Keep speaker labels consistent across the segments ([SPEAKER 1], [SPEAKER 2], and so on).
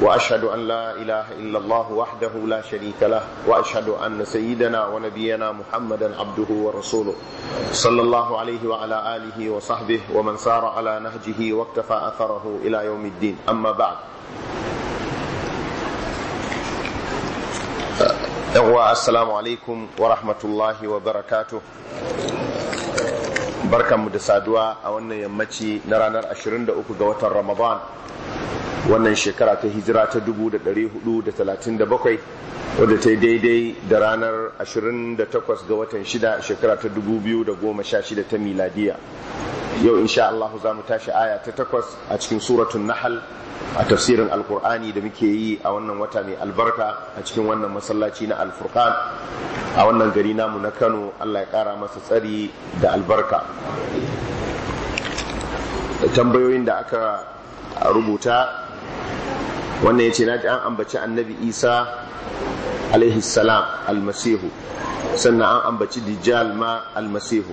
[SPEAKER 1] واشهد ان لا اله الا الله وحده لا شريك له واشهد ان سيدنا ونبينا محمدا عبده ورسوله صلى الله عليه وعلى اله وصحبه ومن سار على نهجه واقتفى اثره الى يوم الدين اما بعد السلام عليكم ورحمه الله وبركاته barkanmu da saduwa a wannan yammaci na ranar 23 ga watan ramadan wannan shekara ta hijira ta 1437 wadda ta yi daidai da ranar 28 ga watan 6 shekara ta 2016 ta miladiya yau insha Allah za mu tashi aya ta takwas a cikin suratun nahal a tafsirin alkur'ani da muke yi a wannan wata mai albarka a cikin wannan masallaci na alfurkan a wannan gari namu na kano Allah ya kara masa tsari da albarka tambayoyin da aka rubuta wannan ya ce na ji an ambaci annabi isa salam almasihu sannan an ambaci dijjal ma almasihu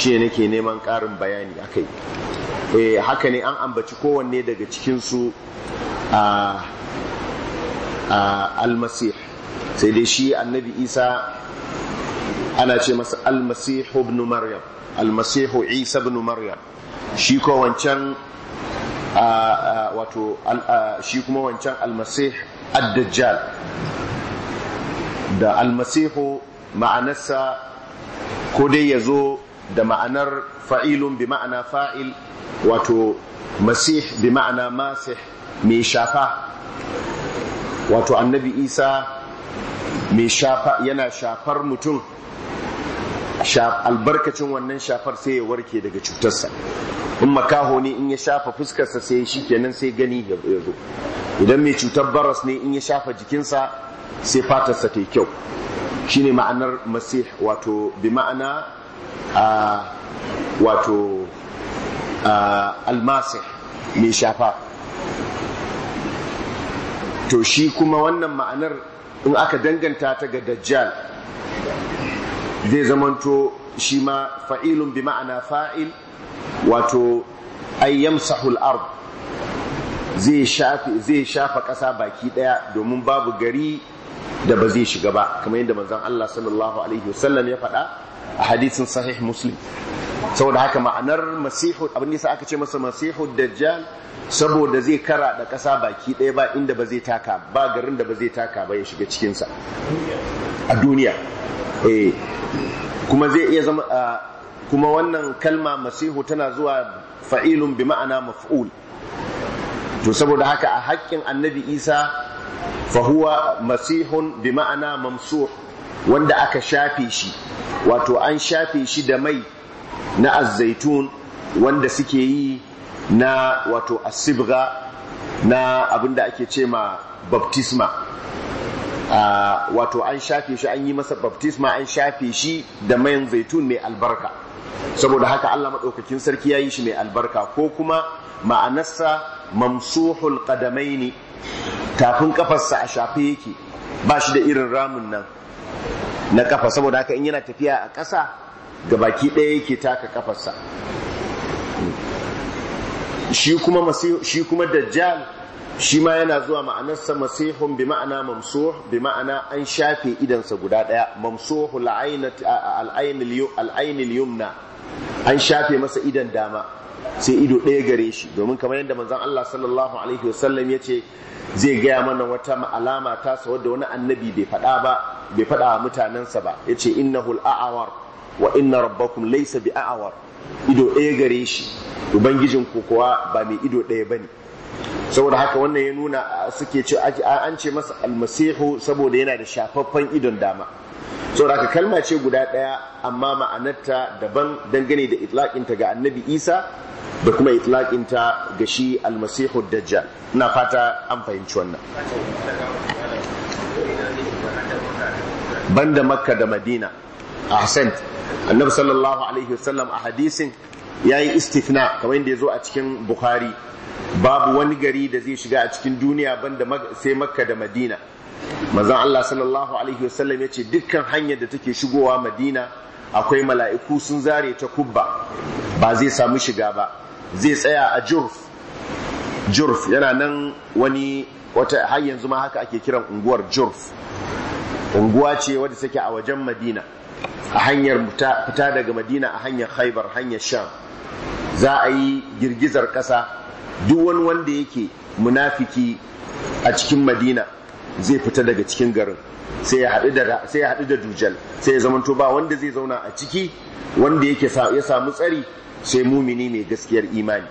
[SPEAKER 1] shi ne nake neman ƙarin bayani a kai eh, haka ne an ambaci kowanne daga cikinsu a almasih sai dai shi annabi isa ana ce masa almasihu ibn maryam almasihu isa ibn maryam shi ko wancan wato shi kuma wancan almasih ad-dajjal da almasihu ma'anarsa ko dai ya zo da ma'anar fa'ilun bi ma'ana fa'il wato masih bi ma'ana masih mai shafa wato annabi isa mai shafa yana shafar mutum albarkacin wannan shafar sai ya warke daga cutarsa in makaho ne in ya shafa fuskarsa sai shi kenan sai gani ya zo idan mai cutar baras ne in ya shafa jikinsa sai fatarsa ta yi kyau ne ma'anar masih wato bi ma'ana a wato almasih mai shafa to shi kuma wannan ma'anar in aka danganta ta ga dajjal zai zamanto shi ma fa'ilun bi ma'ana fa'il wato ayyam sahul arb zai shafa ƙasa baki ɗaya domin babu gari da ba zai shiga ba kamar yadda manzan Allah sallallahu alaihi wasallam ya faɗa a hadisin sahih muslim saboda haka ma'anar masihu abin nisa aka ce masa masihu dajjal saboda zai kara da ƙasa baki ɗaya ba inda ba zai taka ba garin da ba zai taka ba ya shiga cikinsa a duniya eh kuma zai iya zama kuma wannan kalma masihu tana zuwa fa'ilun bi ma'ana maf'ul to saboda haka a haƙƙin annabi isa fahuwa masihun bi ma'ana mamsuh wanda aka shafe shi wato an shafe shi da mai na azzaitun wanda suke yi na wato asibga na abinda ake ce ma baptisma wato an shafe shi an yi masa baptisma an shafe shi da mayan zaitun mai albarka saboda haka Allah maɗaukakin sarki ya yi shi mai albarka ko kuma ma'anarsa mamsuhul ne, tafin kafarsa a shafe yake ba shi da irin ramun nan na ƙafa saboda haka in yana tafiya a ƙasa ga baki ɗaya yake taka kafarsa shi kuma dajjal shi ma yana zuwa ma'anarsa masihun bi ma'ana mamsuh bi ma'ana an shafe idansa guda daya mamsuhu al'ainil yumna an shafe masa idan dama sai ido ɗaya gare shi domin kamar yadda manzon Allah sallallahu alaihi wasallam ya ce zai gaya mana wata alama sa wadda wani annabi bai faɗa ba bai faɗa wa mutanensa ba ya ce innahul a'awar wa inna rabbakum laisa bi a'awar ido ɗaya gare shi ubangijin kokowa ba mai ido ɗaya ba ne. saboda haka wannan ya nuna suke ce an ce masa almasihu saboda yana da shafaffen idon dama saboda haka kalma ce guda ɗaya amma ma'anarta daban dangane da itlaƙinta ga annabi isa da kuma itlaƙinta ga shi almasihu dajjal na fata an fahimci wannan banda makka da madina a hasan annabi sallallahu alaihi wasallam a hadisin ya yi istifna kamar yadda ya zo a cikin bukhari babu wani gari da zai shiga a cikin duniya banda sai makka da madina mazan allah sallallahu alaihi wasallam ya ce dukkan hanyar da take shigowa madina akwai mala'iku sun zare ta kubba ba zai samu shiga ba zai tsaya a jurf jurf yana nan wani wata har yanzu ma haka ake kiran unguwar jurf unguwa ce wadda take a wajen madina a hanyar fita daga madina a hanyar haibar hanyar sham za a yi girgizar ƙasa duk wani wanda yake munafiki a cikin madina zai fita daga cikin garin sai ya haɗu da dujal sai ya zamanto ba wanda zai zauna a ciki wanda yake ya samu tsari sai mumini mai gaskiyar imani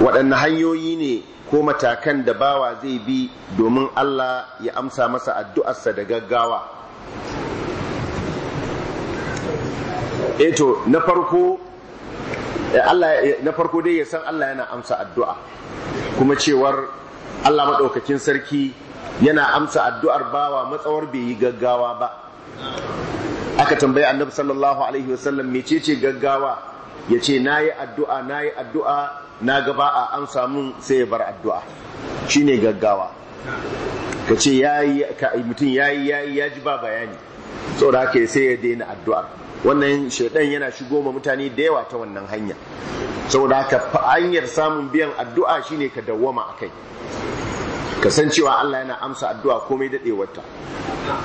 [SPEAKER 1] waɗanne hanyoyi ne ko matakan da bawa zai bi domin Allah ya amsa masa addu'arsa da gaggawa eh to na farko Allah na farko dai ya san Allah yana amsa addu'a kuma cewar Allah madaukakin sarki yana amsa addu'ar bawa matsawar bai yi gaggawa ba aka tambayi annabi sallallahu alaihi wasallam mecece gaggawa ya ce na yi addu'a na yi addu'a na gaba a amsa mun sai ya bar addu'a shine gaggawa ka ce yayi ya yi ya ji ba bayani saboda haka sai ya daina addu'ar wannan shaidan yana shigo ma mutane da yawa ta wannan hanya saboda haka hanyar samun biyan addu'a shine ka dawwama akai cewa Allah yana amsa addu'a komai daɗewarta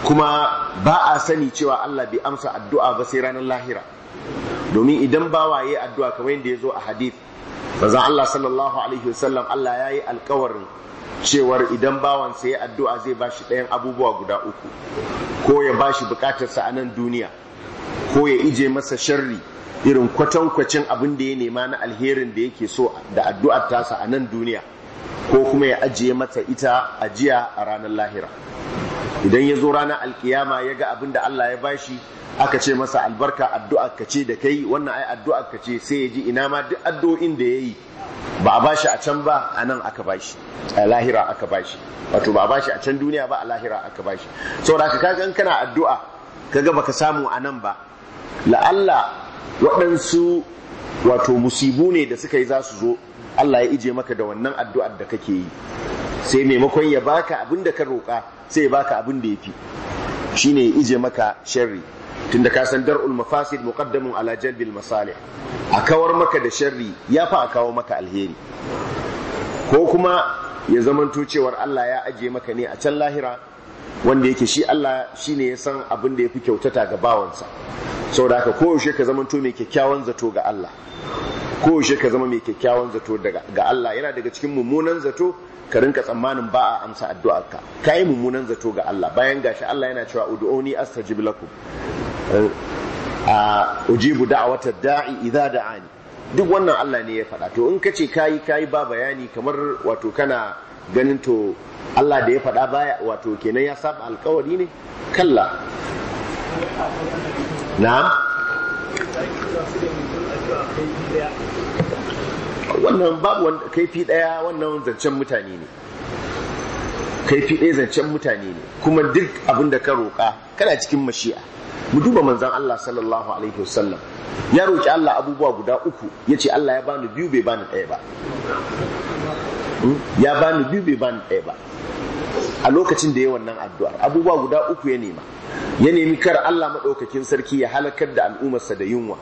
[SPEAKER 1] kuma ba a sani cewa Allah bai amsa addu'a ba sai ranar lahira domin idan bawa ya yi addu'a kamar yadda ya zo a hadith manzon Allah sallallahu alaihi wasallam Allah ya yi alkawarin cewar idan bawan sai addu'a zai bashi ɗayan abubuwa guda uku ko ya ba bashi bukatarsa a nan duniya ko ya ije masa sharri irin kwatankwacin abin da ya nema na alherin da yake so da addu'ar tasa a nan duniya ko kuma ya ajiye mata ita ajiya a ranar lahira idan ya zo ranar alkiyama ya ga abin da Allah ya bashi aka ce masa albarka addu'ar ka ce da kai wannan ai addu'ar ka ce sai ya ji ina ma duk addu'o'in da ya yi ba a bashi a can ba a nan aka bashi a lahira aka bashi wato ba a bashi a can duniya ba a lahira aka bashi saboda ka kaga in kana addu'a kaga baka samu a nan ba la'alla waɗansu wato musibu ne da suka yi za su zo Allah ya ije maka da wannan addu'ar da kake yi sai maimakon ya baka abin da ka roƙa sai ya baka abin da ya fi Shi ne ya ije maka sharri tunda ka san dar'ul mafasid muqaddamun ala jalbil masalih a kawar maka da sharri ya fa a kawo maka alheri ko kuma ya zamanto cewar Allah ya ajiye maka ne a can lahira wanda yake shi Allah shi ne ya san abin da ya fi kyautata ga bawansa saboda haka koyaushe ka to mai kyakkyawan zato ga Allah Kowace ka zama mai kyakkyawan zato ga Allah yana daga cikin mummunan zato ka rinka tsammanin ba a amsa addu'arka ka yi mummunan zato ga Allah bayan gashi Allah yana cewa ud'uni astajib lakum a ujibu da'watad da'i idza da'ani duk wannan Allah ne ya faɗa to in ka ce kayi kayi ba bayani kamar wato kana ganin to Allah da ya faɗa baya wato kenan ya saba alkawari ne kalla Na. wannan babu kaifi ɗaya wannan zancen mutane ne kaifi ɗaya zancen mutane ne kuma duk abin da ka roƙa kana cikin mashi'a mu duba manzan Allah sallallahu alaihi wasallam ya roƙi Allah abubuwa guda uku ya ce Allah ya bani biyu bai bani ɗaya ba Hmm? ya bani biyu bai bani ɗaya ba a lokacin da ya wannan addu'ar abubuwa guda uku ya nema ya nemi kar Allah maɗaukakin sarki ya halakar da al'ummarsa da yunwa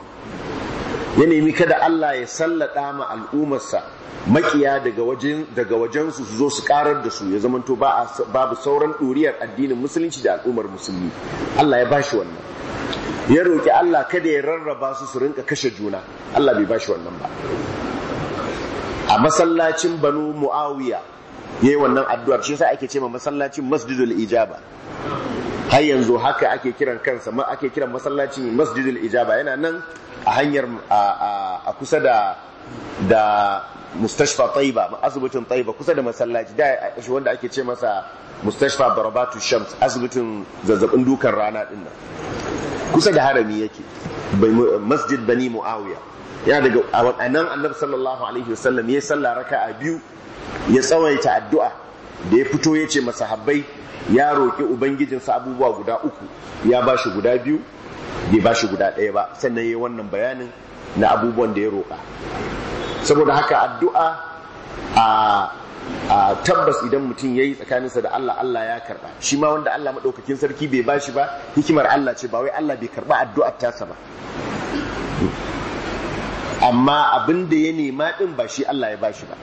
[SPEAKER 1] ya nemi kada Allah ya sallaɗa ma al'ummarsa makiya daga wajen wajensu su zo su karar da su ya zamanto ba babu sauran ɗuriyar addinin musulunci da al'ummar musulmi Allah ya bashi wannan ya roƙi Allah kada ya rarraba su su rinka kashe juna Allah bai bashi wannan ba a masallacin banu muawiya yi wannan addu'ar shi yasa ake ce ma masallacin masjidul ijaba har yanzu haka ake kiran kansa ma ake kiran masallacin masjidul ijaba yana nan a hanyar a kusa da da mustashfa taiba asibitin taiba kusa da masallaci da shi wanda ake ce masa mustashfa barabatu shams asibitin zazzabin dukan rana din kusa da harami yake masjid bani muawiya ya daga a waɗannan annabi sallallahu alaihi wasallam ya sallah a biyu ya tsawaita addu'a da ya fito ya ce masahabbai ya roƙi ubangijinsa abubuwa guda uku ya ba shi guda biyu bai ba shi guda ɗaya ba sannan ya yi wannan bayanin na abubuwan da ya roƙa saboda haka addu'a a tabbas idan mutum ya yi tsakaninsa da Allah Allah ya karba shi ma wanda Allah maɗaukakin sarki bai ba shi ba hikimar Allah ce ba wai Allah bai karba addu'ar tasa ba amma abin da ya nema ɗin ba shi Allah ya bashi ba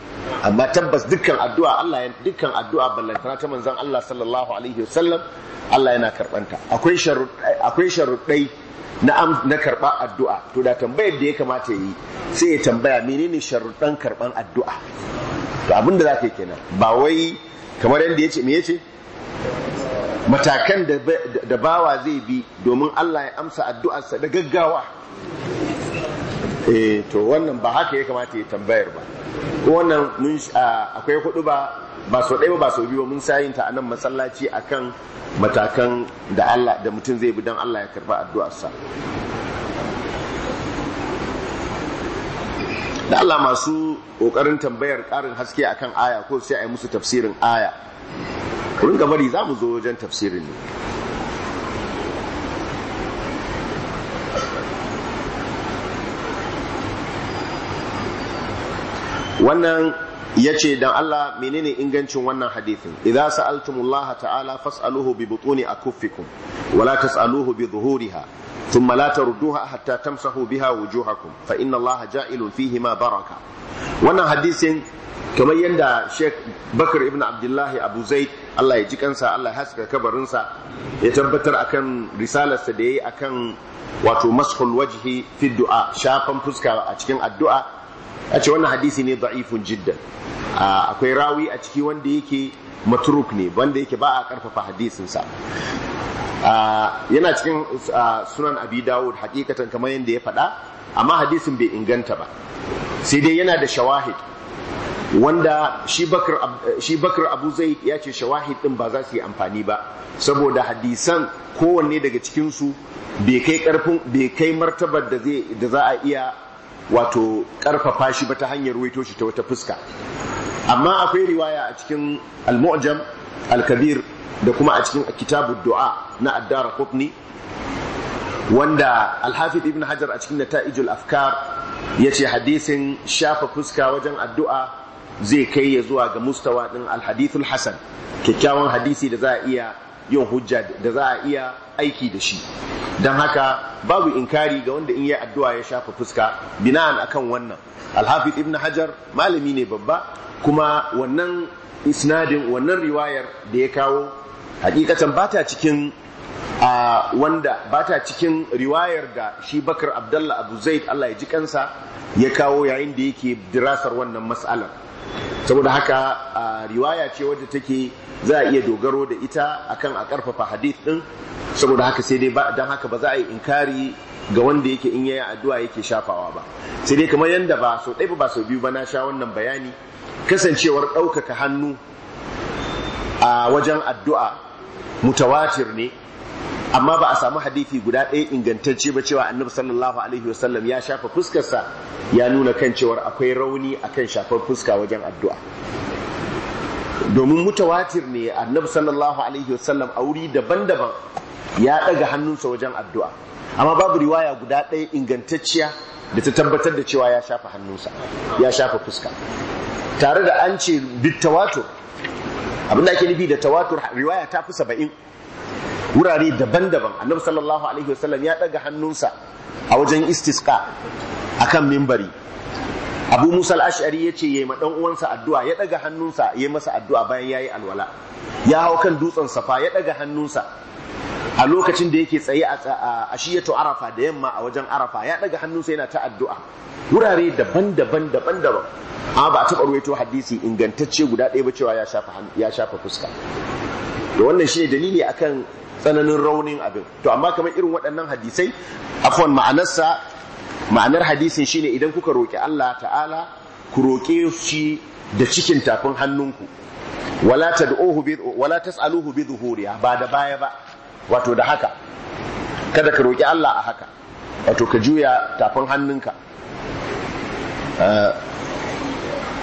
[SPEAKER 1] amma tabbas dukkan addu'a Allah ya dukkan addu'a ballantana ta manzon Allah sallallahu alaihi wasallam Allah yana karbanta akwai sharuɗai akwai na na karba addu'a to da tambayar da ya kamata yi sai ya tambaya menene sharuɗan karban addu'a to abin da ka yi kenan ba wai kamar yadda ya ce me yace matakan da bawa zai bi domin Allah ya amsa addu'arsa da gaggawa eh to wannan ba haka ya kamata ya tambayar ba ko wannan mun ah, akwai hudu ba ba so ɗaya ba so biyu mun sayin ta anan masallaci akan matakan da Allah da mutum zai bi dan Allah ya karba sa da Allah masu ƙoƙarin tambayar ƙarin haske akan aya ko sai a yi musu tafsirin aya rinka bari za mu zo wajen tafsirin ne wannan ya ce dan Allah menene ingancin wannan hadithin idza sa'altumullaha ta'ala fas'aluhu bi butuni akuffikum wala tas'aluhu bi dhuhuriha thumma la tarudduha hatta tamsahu biha wujuhakum fa inna Allah ja'ilun fihi ma baraka wannan hadisin kamar yadda Sheikh Bakar ibn Abdullahi Abu Zaid Allah ya ji kansa Allah ya haska kabarinsa ya tabbatar akan risalarsa da yayi akan wato mashul wajhi fi du'a shafan fuska a cikin addu'a a ce wannan hadisi ne da'ifun jiddan akwai rawi a ciki wanda yake matruk ne wanda yake ba a karfafa hadisinsa yana cikin sunan abi dawud hakikatan kamar yadda ya faɗa amma hadisin bai inganta ba sai dai yana da shawahid wanda shi bakar abu zai ya ce shawahid din ba za su yi amfani ba saboda hadisan kowanne daga cikinsu bai kai bai kai martabar da za a iya wato karfafa shi ba ta hanyar ruwaito shi ta wata fuska amma akwai riwaya a cikin al-mu'jam al-kabir da kuma a cikin kitabu du'a na addara kutni wanda alhafid ibn hajar a cikin nata'ijul afkar ya ce hadisin shafa fuska wajen addu'a zai kai ya zuwa ga mustawa din alhadithul hasan kyakkyawan hadisi da za a iya yin hujja da za a iya aiki da shi don haka babu inkari ga wanda in yi addu'a ya shafa fuska bina'an akan wannan alhafiz ibn hajar malami ne babba kuma wannan isnadin wannan riwayar da ya kawo hakikatan bata cikin a wanda bata cikin riwayar da shi bakar abdallah abu zaid allah ya ji kansa ya kawo yayin da yake dirasar wannan mas'alar saboda haka a riwaya ce wadda take za a iya dogaro da ita akan a karfafa hadith din saboda haka sai dai don haka ba za a yi inkari ga wanda yake in yayi addu'a yake shafawa ba sai dai kamar yadda ba sau ɗaya ba sau biyu ba na sha wannan bayani kasancewar ɗaukaka hannu a wajen addu'a mutawatir ne amma ba a samu hadithi guda ɗaya ingantacce ba cewa annabi sallallahu alaihi wasallam ya shafa fuskarsa ya nuna kan cewar akwai rauni akan shafar fuska wajen addu'a domin mutawatir ne annabi sallallahu alaihi wasallam a wuri daban-daban ya ɗaga hannunsa wajen addu'a amma babu riwaya guda ɗaya ingantacciya da ta tabbatar da cewa ya shafa hannunsa ya shafa fuska tare da an ce bit tawatur abinda ake nufi da tawatur riwaya ta fi saba'in wurare daban-daban annabi sallallahu alaihi wasallam ya daga hannunsa a wajen istisqa akan mimbari abu musa al-ash'ari ya ce yayi ma dan uwansa addu'a ya daga hannunsa yayi masa addu'a bayan ya yi alwala ya hau kan dutsen safa ya daga hannunsa a lokacin da yake tsaye a ashiyatu arafa da yamma a wajen arafa ya daga hannunsa yana ta addu'a wurare daban-daban daban-daban amma ba a taɓa ruwaito hadisi ingantacce guda ɗaya ba cewa ya shafa fuska da wannan shi ne dalili akan tsananin raunin abin to amma kamar irin waɗannan hadisai afwan ma'anarsa ma'anar hadisin shine idan kuka roƙi Allah ta'ala ku roƙe shi da cikin tafin hannunku wala tad'uhu bi wala tas'aluhu bi dhuhuriya ba da baya ba wato da haka kada ka roƙi Allah a haka wato ka juya tafin hannunka eh,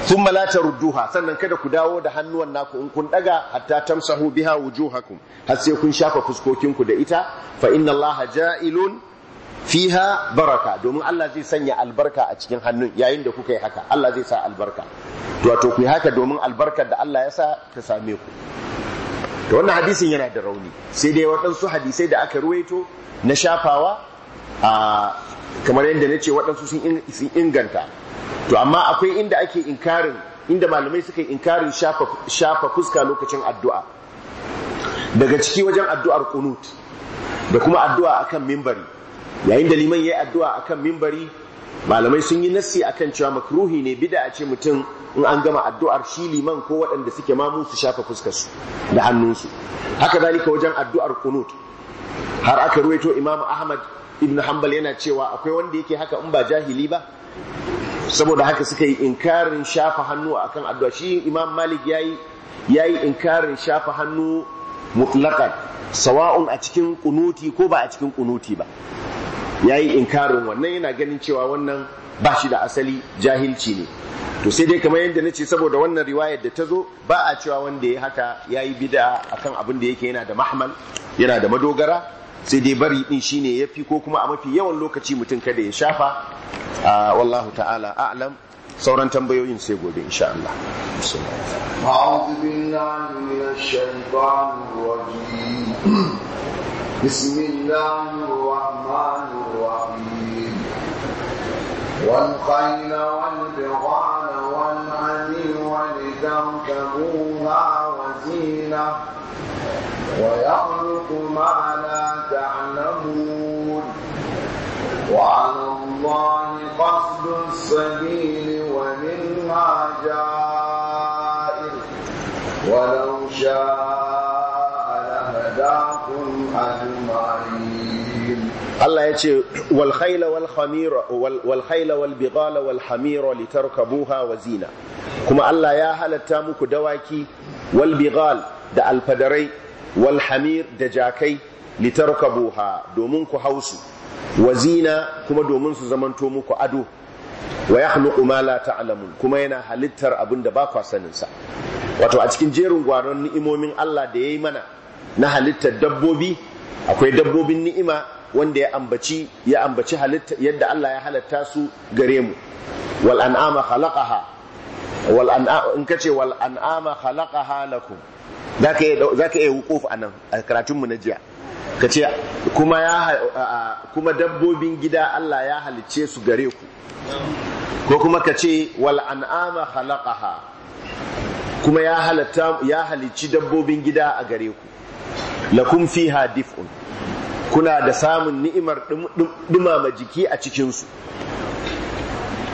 [SPEAKER 1] Sun malata rudduha sannan kada ku dawo da hannuwan naku in kun daga hatta tamsahu biha wujuhakum har sai kun shafa fuskokinku da ita fa inna allaha ja'ilun fiha baraka domin Allah zai sanya albarka a cikin hannun yayin da kuka yi haka Allah zai sa albarka To wato ku yi haka domin albarkar da Allah ya sa ta same ku to wannan hadisin yana da rauni sai dai waɗansu hadisai da aka ruwaito na shafawa a kamar yadda na ce waɗansu sun inganta to amma akwai inda ake inkarin inda malamai suka inkarin shafa fuska lokacin addu'a daga ciki wajen addu'ar kunut da kuma addu'a akan mimbari yayin da liman yayi addu'a akan mimbari malamai sun yi nassi akan cewa makruhi ne bida a ce mutum in an gama addu'ar shi liman ko waɗanda suke ma su shafa fuskarsu da hannunsu haka zalika wajen addu'ar kunut har aka ruwaito imamu ahmad ibn hanbal yana cewa akwai wanda yake haka in ba jahili ba saboda haka suka yi inkarin shafa hannu akan addu'a shi imam malik ya yi inkarin shafa hannu mutlaqan sawa'un a cikin ƙunuti ko ba a cikin kunuti ba Ya yayi inkarin wannan yana ganin cewa wannan ba shi da asali jahilci ne to sai dai kamar yadda na ce saboda wannan riwayar da ta zo ba a cewa wanda ya haka ya yi bid'a a kan abin da yake yana da mahmal yana da madogara sai dai bari ɗin shi ne ya fi ko kuma a mafi yawan lokaci mutum kada ya shafa Ah, wallahu ta'ala a'lam sauran tambayoyin sai gobe insha Allah
[SPEAKER 2] a'udhu billahi minash shaitanir rajim bismillahir rahmanir rahim wal khayla wal bighala wal anil wal tamkabuha wazina ويخلق ما لا تعلمون وعلى الله قصد السبيل ومنها جائر ولو شاء
[SPEAKER 1] لهداكم أجمعين الله يقول والخيل والخمير والخيل والبغال والحمير لتركبوها وزينة كما الله يا هل التامك دواكي والبغال da alfadarai walhamir da jakai litarkabuha domin ku hausu wazina kuma domin su zamanto muku ado wa yakhluqu ma la ta'lamun kuma yana halittar abin da ba kwasaninsa wato a cikin jerin gwanon ni'imomin Allah da yayi mana na halittar dabbobi akwai dabbobin ni'ima wanda ya ambaci ya ambaci halitta yadda Allah ya halatta su gare mu wal an'ama khalaqaha wal an'ama in kace wal an'ama khalaqaha lakum zaka zaka yi wukuf anan a karatun mu na jiya ka ce kuma dabbobin gida Allah ya halicce su gare ku ko kuma ka ce wal an'ama khalaqaha kuma ya halatta halicci dabbobin gida a gare ku lakum fiha dif'un kuna da samun ni'imar dumama jiki a cikinsu. su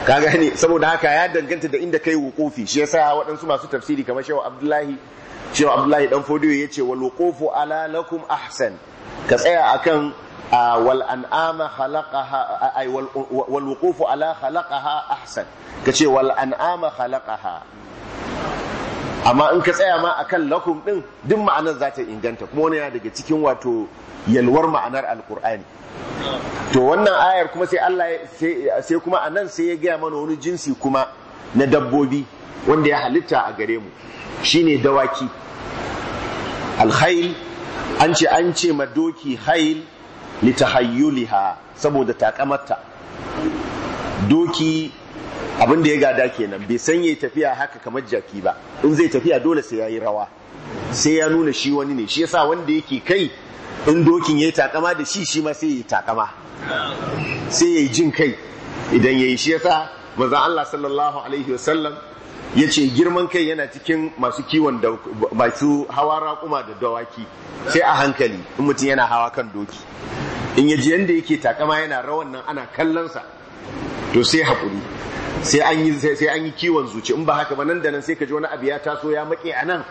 [SPEAKER 1] ka gane saboda haka ya danganta da inda kai wukufi shi yasa waɗansu masu tafsiri kamar shehu abdullahi shi abdullahi dan fodiyo ya ce wal wuqufu ala lakum ahsan ka tsaya akan wal an'ama khalaqaha ay wal wuqufu ala khalaqaha ahsan ka ce wal an'ama khalaqaha amma in ka tsaya ma akan lakum din din ma'anar za ta inganta kuma wani yana daga cikin wato yalwar ma'anar alkur'ani to wannan ayar kuma sai Allah sai kuma anan sai ya gaya mana wani jinsi kuma na dabbobi wanda ya halitta a gare mu shine dawaki alhail an ce an ce ma doki li litahayyuliha saboda takamarta doki abin da ya gada kenan bai san yayi tafiya haka kamar jaki ba in zai tafiya dole sai yayi rawa sai ya nuna shi wani ne shi yasa wanda yake kai in dokin yayi takama da shi shi ma sai yayi takama sai yayi jin kai idan yayi shi yasa maza Allah sallallahu alaihi wasallam ya ce girman kai yana cikin masu kiwon da masu hawa raƙuma da dawaki sai a hankali in mutum yana hawa kan doki in ya ji yadda yake takama yana rawan nan ana kallonsa to sai haƙuri sai an yi kiwon zuci in ba haka ba nan da nan sai ka ji wani abu ya taso ya maƙe a nan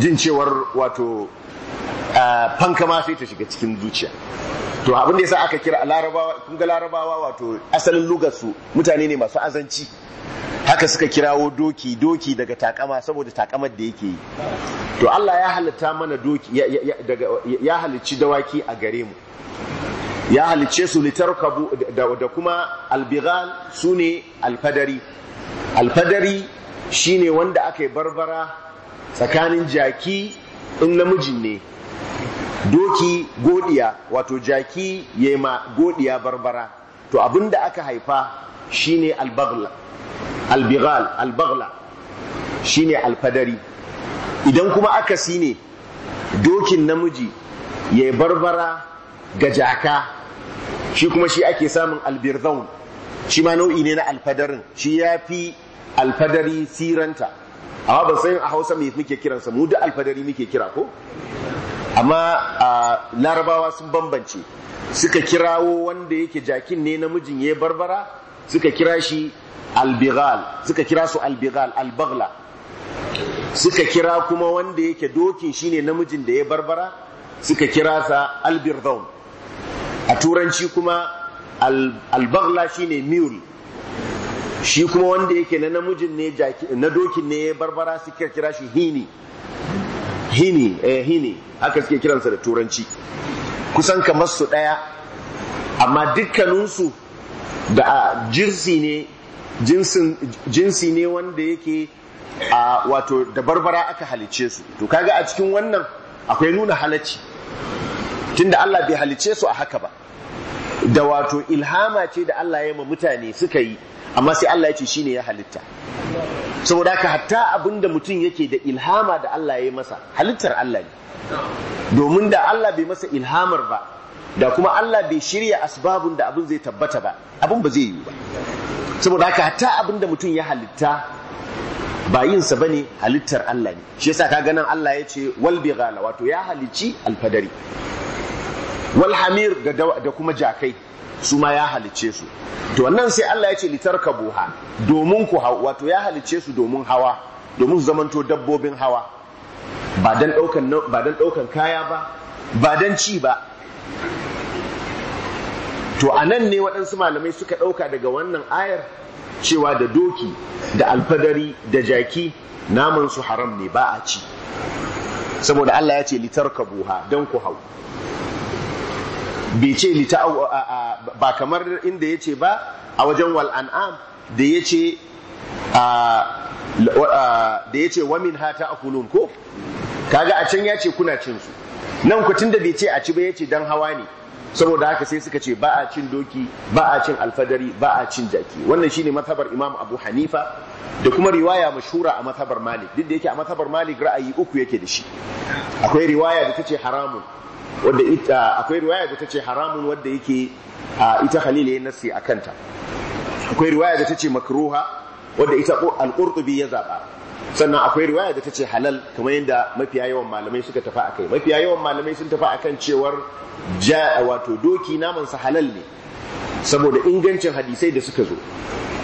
[SPEAKER 1] jin cewar wato fanka ma sai ta shiga cikin zuciya to abin da yasa aka kira larabawa kun ga larabawa wato asalin lugarsu mutane ne masu azanci haka suka kirawo doki doki daga takama saboda takamar da yake yi to Allah ya halitta mana doki ya halicci dawaki a gare mu ya halicce su litarkabu da kuma albighal ne alfadari alfadari shine wanda aka yi barbara tsakanin jaki in namijin ne doki godiya wato jaki ya ma godiya barbara to abinda aka haifa shine albagla albigal albagla shine alfadari idan kuma akasi ne dokin namiji ya barbara ga jaka shi kuma shi ake samun albirzaun shi ma nau'i ne na alfadarin shi ya fi alfadari siranta amma ban san a hausa mai muke kiransa mu da alfadari muke kira ko amma a larabawa sun bambance suka kirawo wanda yake jakin ne namijin ya barbara suka kira shi albigal suka kira su albigal albagla suka kira kuma wanda yake dokin shine namijin da ya barbara suka kira sa albirdaun a turanci kuma albagla shine mule shi kuma wanda yake na namijin ne na dokin ne ya barbara suka kira shi hini hini eh hini haka suke kiransa da turanci kusan kamar su daya amma dukkaninsu da jinsi ne jinsin jinsi ne wanda yake a wato da barbara aka halice su to kaga a cikin wannan akwai nuna halacci tunda Allah bai halice su a haka ba da wato ilhama ce da Allah ya ma mutane suka yi amma sai Allah ya ce shine ya halitta saboda haka hatta abinda mutum yake da ilhama da Allah ya masa halittar Allah ne domin da Allah bai masa ilhamar ba da kuma Allah bai shirya asbabun da abin zai tabbata ba abin ba zai yiwu ba saboda haka hatta abin da mutum ya halitta ba yin sa bane halittar Allah ne shi yasa ka ganin Allah ya ce wal bighala wato ya halici alfadari wal hamir da kuma jakai su ma ya halicce su to wannan sai Allah ya ce litarkabuha domin ku hau wato ya halicce su domin hawa domin su zamanto dabbobin hawa ba dan daukan ba dan daukan kaya ba ba dan ci ba to a nan ne waɗansu malamai suka ɗauka daga wannan ayar cewa da doki da alfadari da jaki naman su haram ne ba a ci saboda Allah ya ce litar buha don ku hau bai ce lita ba kamar inda ya ce ba a wajen wal an'am da ya ce da ya ce wamin hata akulun ko kaga a can ya ce kuna cinsu su nan ku tun da bai ce a ci ba ya ce dan hawa ne saboda haka sai suka ce ba a cin doki ba a cin alfadari ba a cin jaki wannan shine mazhabar imam abu hanifa da kuma riwaya mashura a mazhabar malik duk da yake a mazhabar malik ra'ayi uku yake da shi akwai riwaya da tace haramun wanda haramun wanda yake ita khalil ya nasi akanta akwai riwaya da tace makruha wanda ita al ya zaba sannan akwai riwaya da ta ce halal kamar yadda mafiya yawan malamai suka tafi a kai mafiya yawan malamai sun tafi a kan cewar wato doki namansa halal ne saboda ingancin hadisai da suka zo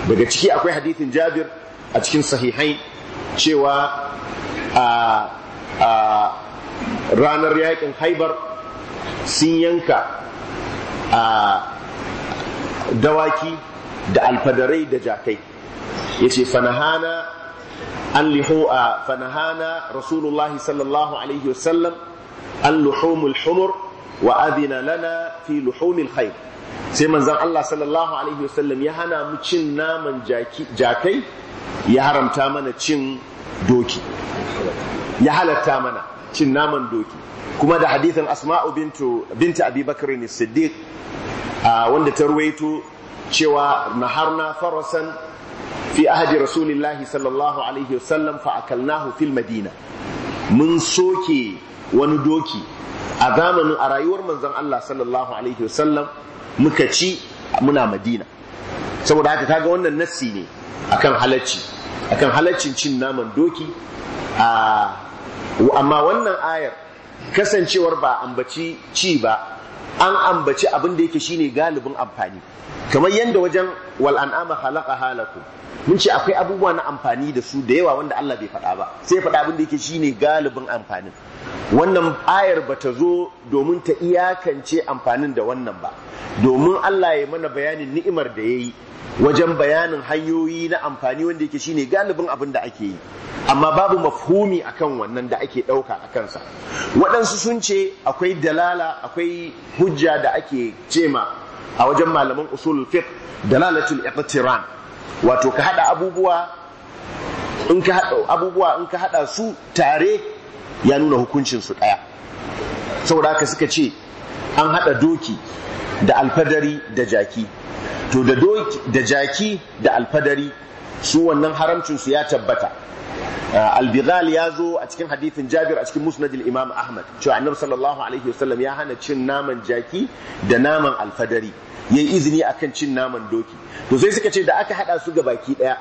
[SPEAKER 1] daga ciki akwai hadithin jabir a cikin sahihai cewa a ranar yakin haibar sun yanka a dawaki da alfadarai da jakai ya ce fanahana an lihu'a nahana rasulullahi sallallahu alaihi wasallam an luhumul humur wa adina lana fi luhumil khayr sai manzon Allah sallallahu alaihi wasallam ya hana mu cin naman jakai ya haramta mana cin doki ya halatta mana cin naman doki kuma da hadithin asma'u bintu binta abubakar ne siddiq wanda ta ruwaito cewa naharna farasan fi ahadi rasulillahi sallallahu alaihi wasallam fa akalnahu fil madina mun soke wani doki a zamanin a rayuwar manzon Allah sallallahu alaihi wasallam muka ci muna madina saboda haka kaga wannan nassi ne akan halacci akan halaccin cin naman doki a amma wannan ayar kasancewar ba ambaci ci ba an ambaci abin da yake shine galibin amfani kamar yadda wajen wal'an'ama an'ama halaku mun ce akwai abubuwa na amfani da su da yawa wanda Allah bai faɗa ba sai faɗa abin da yake shine galibin amfanin wannan ayar ba ta zo domin ta iyakance amfanin da wannan ba domin Allah ya mana bayanin ni'imar da ya yi. wajen bayanin hanyoyi na amfani wanda yake shine galibin abin da ake yi amma babu mafhumi akan wannan da ake ɗauka a kansa waɗansu sun ce akwai dalala akwai hujja da ake cema a wajen malaman usul fiqh dalalatul iqtiran wato ka hada abubuwa in ka hada abubuwa in ka hada su tare ya nuna hukuncin su daya saboda haka suka ce an hada doki da alfadari da jaki to da doki, da jaki da alfadari su wannan haramcin su ya tabbata uh, albighal ya zo a cikin hadithin jabir a cikin musnad imam ahmad cewa annabi sallallahu alaihi wasallam ya hana cin naman jaki da naman alfadari yayi izini akan cin naman doki to sai suka ce da aka hada su ga baki daya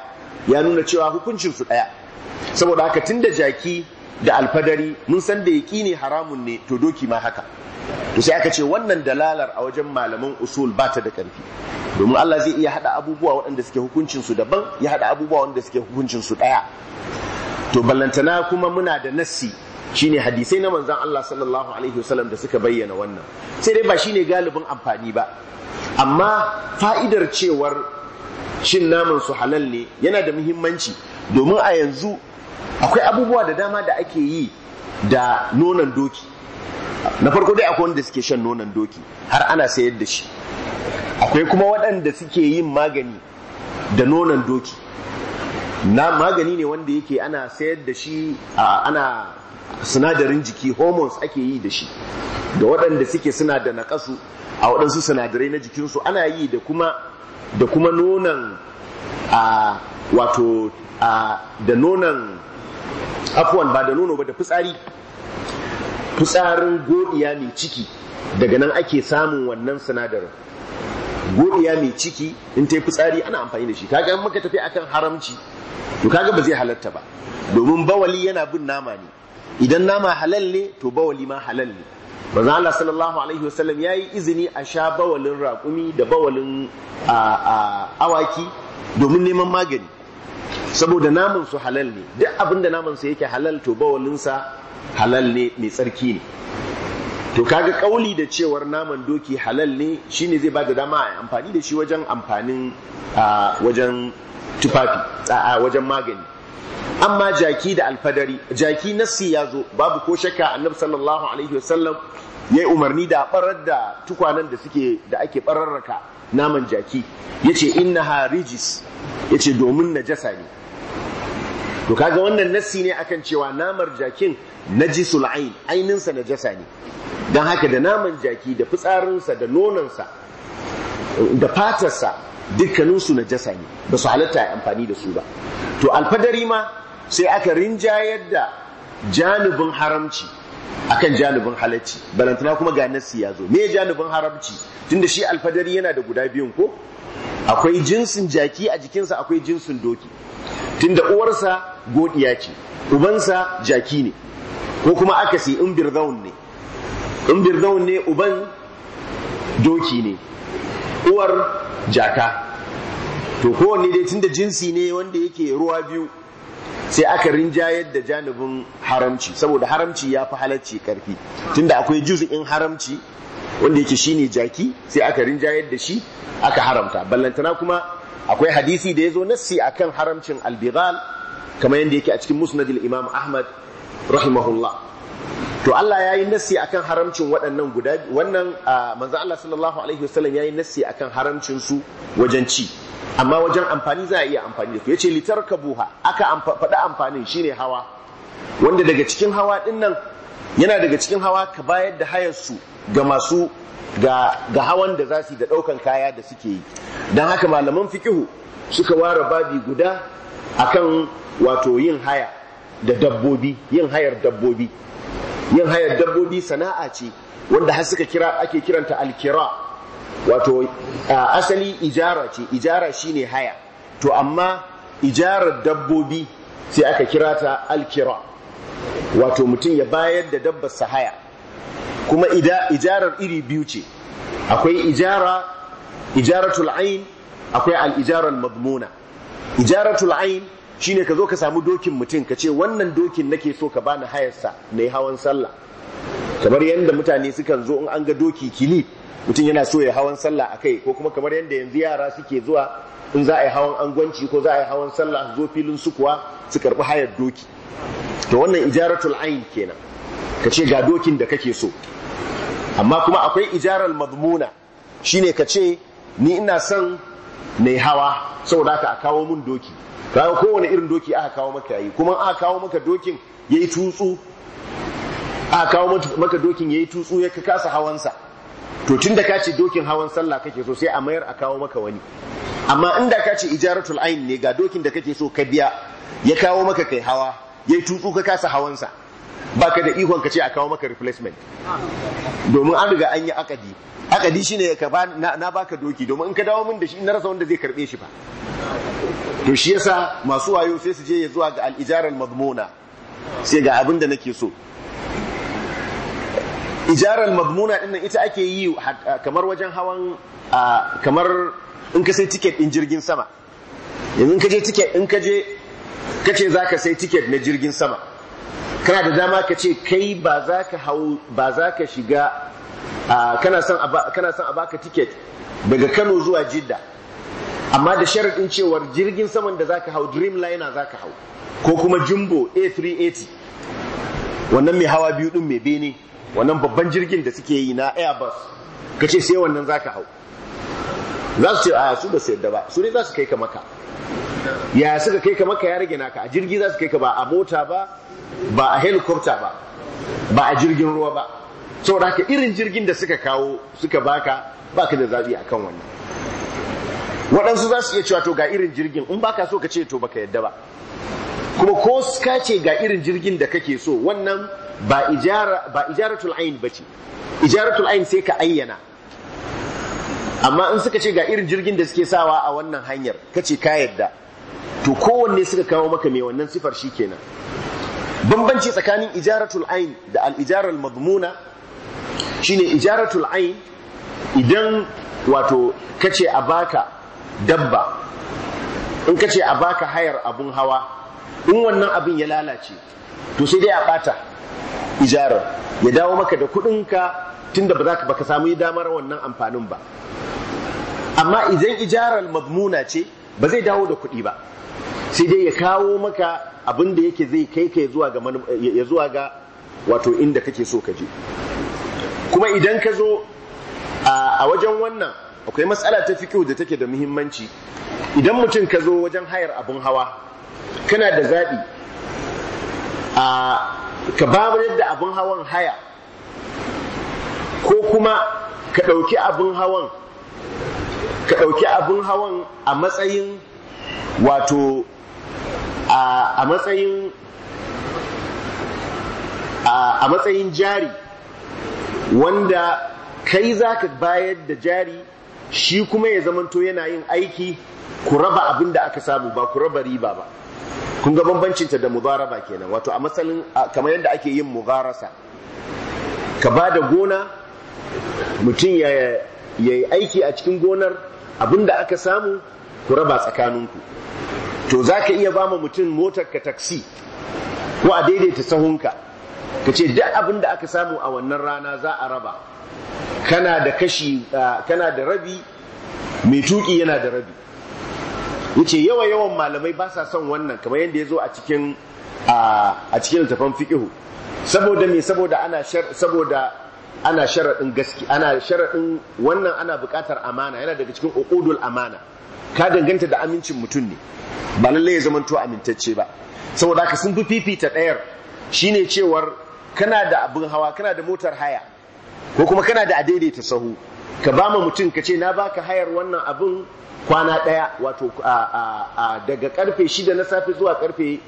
[SPEAKER 1] ya nuna cewa hukuncin su daya saboda haka tunda jaki da alfadari mun san da yaki ne haramun ne to doki ma haka to sai aka ce wannan dalalar a wajen malaman usul ba ta da ƙarfi domin Allah zai iya hada abubuwa waɗanda suke hukuncin su daban ya hada abubuwa waɗanda suke hukuncin su ɗaya to ballantana kuma muna da nassi shine hadisai na manzon Allah sallallahu alaihi wasallam da suka bayyana wannan sai dai ba shine galibin amfani ba amma fa'idar cewar shin naman su halal ne yana da muhimmanci domin a yanzu akwai abubuwa da dama da ake yi da nonon doki na farko dai akwai wanda suke shan nonon doki har ana sayar da shi akwai kuma waɗanda suke yin magani da nonon doki na magani ne wanda yake ana sayar da shi ana sinadarin jiki hormones ake yi da shi da waɗanda suke suna da naƙasu a waɗansu sinadarai na jikinsu ana yi da kuma da kuma nonon a wato da nonon afuwan ba da nono ba da fitsari fitsarin godiya mai ciki daga nan ake samun wannan sinadarin godiya mai ciki in ta yi fitsari ana amfani da shi kaga maka muka tafi akan haramci to kaga ba zai halatta ba domin bawali yana bin nama ne idan nama halal ne to bawali ma halal ne manzo Allah sallallahu alaihi wasallam yayi izini a sha bawalin raƙumi da bawalin awaki domin neman magani saboda naman su halal ne duk abinda naman su yake halal to bawalin sa halal ne mai tsarki ne to kaga kauli da cewar naman doki halal ne shine zai bada dama a amfani da shi wajen amfanin wajen tufafi a wajen magani amma jaki da alfadari jaki nassi ya zo babu ko shakka annabi sallallahu alaihi wasallam yi umarni da barar da tukwanan da suke da ake bararraka naman jaki yace innaha rijis yace domin najasa ne to kaga wannan nassi ne akan cewa namar jakin najisul ain aininsa najasa ne don haka da naman jaki da fitsarinsa da nonansa da fatarsa dukkaninsu najasa ne ba su halatta amfani da su ba to alfadari ma sai aka rinjayar da janibin haramci akan janibin halacci balantana kuma ga nassi ya zo me janibin haramci tunda shi alfadari yana da guda biyun ko akwai jinsin jaki a jikinsa akwai jinsin doki tunda uwarsa godiya ce ubansa jaki ne ko kuma akasi in birzaun ne in birzaun ne uban doki ne uwar jaka to kowanne dai tunda jinsi ne wanda yake ruwa biyu sai aka rinjayar da janibin haramci saboda haramci ya fi halarci karfi tunda akwai in haramci wanda yake shine jaki sai aka rinjayar da shi aka haramta ballantana kuma akwai hadisi da ya zo nassi akan haramcin albigal kamar yadda yake a cikin musnadil imam ahmad rahimahullah to Allah ya yi nassi akan haramcin waɗannan guda wannan manzo Allah sallallahu alaihi wasallam ya yi nassi akan haramcin su wajen ci amma wajen amfani za a iya amfani da su yace litarkabuha aka faɗa amfanin shine hawa wanda daga cikin hawa ɗin yana daga cikin hawa ka bayar da hayar su ga masu ga hawan da za su yi da ɗaukan kaya da suke yi Don haka malaman fikihu suka ware babi guda akan wato yin haya da dabbobi yin hayar dabbobi yin hayar dabbobi sana'a ce wanda har suka kira ake kiranta alkira wato asali ijara ce ijara shine haya to amma ijarar dabbobi sai aka kira ta alkira wato mutum ya bayar da dabbar haya kuma ijarar iri biyu ce akwai ijara ijaratul ain akwai al-ijaral madmuna ijaratul shi shine ka zo ka samu dokin mutum ka ce wannan dokin nake so ka bani hayarsa na hawan sallah kamar yadda mutane sukan zo in an ga doki kili mutum yana so ya hawan sallah a kai ko kuma kamar yadda yanzu yara suke zuwa in za a yi hawan angwanci ko za a yi hawan sallah zo filin su kuwa su karɓi hayar doki to wannan ijaratul ain kenan ka ce ga dokin da kake so amma kuma akwai ijarar mazmuna shine ka ce ni ina son mai hawa saboda ka a kawo mun doki kawo kowane irin doki aka kawo maka yayi kuma aka kawo maka dokin yayi tutsu aka kawo maka dokin yayi tutsu ya ka kasa hawansa to tun da ka ce dokin hawan sallah kake so sai a mayar a kawo maka wani amma inda ka ce ijaratul ain ne ga dokin da kake so ka biya ya kawo maka kai hawa ya yi tutsu ka kasa hawansa baka da ikon ka ce a kawo maka replacement domin an riga an yi akadi akadi shine ka ba na baka doki domin in ka dawo min da shi na rasa wanda zai karbe shi ba to shi yasa masu wayo sai su je ya zuwa ga al-ijaral madmuna sai ga abin da nake so ijarar madmuna din ita ake yi kamar wajen hawan kamar in ka sai tiket din jirgin sama yanzu in ka je ticket in ka je kace zaka sai tiket na jirgin sama kana da dama ka ce kai ba za ka hau ba za ka shiga kana son a baka tiket daga Kano zuwa Jidda amma da sharaɗin cewar jirgin saman da za ka hau Dreamliner za ka hau ko kuma Jumbo A380 wannan mai hawa biyu din mai bene wannan babban jirgin da suke yi na Airbus ka ce sai wannan za ka hau za su ce a su ba su yadda ba su ne za su kai ka maka ya suka kai ka maka ya rage naka a jirgi za su kai ka ba a mota ba ba a helikopta ba ba a jirgin ruwa ba saboda haka irin jirgin da suka kawo suka baka ka da zabi akan wani. waɗansu za su iya cewa to ga irin jirgin in baka so ka ce to baka yadda ba kuma ko ka ce ga irin jirgin da kake so wannan ba ijara ba ijaratul bace ijaratul sai ka ayyana amma in suka ce ga irin jirgin da suke sawa a wannan hanyar kace ka yadda to kowanne suka kawo maka mai wannan sifar shi kenan bambanci tsakanin ijaratul ain da al-ijaral madmuna shine ijaratul ain idan wato kace a baka dabba in kace a baka hayar abun hawa in wannan abin ya lalace to sai dai a bata ijarar ya dawo maka da kuɗinka tunda ba za ka baka samu damar wannan amfanin ba amma idan ijarar madmuna ce ba zai dawo da kuɗi ba sai dai ya kawo maka abin da yake zai kai ka zuwa ga ya zuwa ga wato inda kake so ka je kuma idan ka zo a wajen wannan akwai matsala ta fikihu da take da muhimmanci idan mutum ka zo wajen hayar abin hawa kana da zaɓi a ka babar yadda abin hawan haya ko kuma ka ɗauki abin hawan ka ɗauki abin hawan a matsayin wato a matsayin jari wanda kai za ka bayar da jari shi kuma ya zamanto yana yin aiki ku raba abin da aka samu ba ku raba riba ba kun ga bambancinta da mudaraba kenan wato a matsalin kamar yadda ake yin mugarasa ka ba da gona mutum ya yi aiki a cikin gonar abin da aka samu ku raba tsakaninku to za ka iya ba ma mutum motar ka taksi ko a daidaita sahunka ka ce duk abin da aka samu a wannan rana za a raba kana da kashi kana da rabi mai tuki yana da rabi yace yawa yawan malamai ba sa son wannan kamar yadda ya zo a cikin a cikin tafan fiƙihu saboda me saboda ana saboda ana sharaɗin wannan ana buƙatar amana yana daga cikin uqudul amana ka danganta da amincin mutum ne ba lallai ya zama zamanto amintacce ba saboda ka sun fi fifita ɗayar shine cewar kana da abin hawa kana da motar haya ko kuma kana da adaidaita sahu ka ba mutum ka ce na baka hayar wannan abin kwana ɗaya wato daga karfe shida na safe zuwa karfe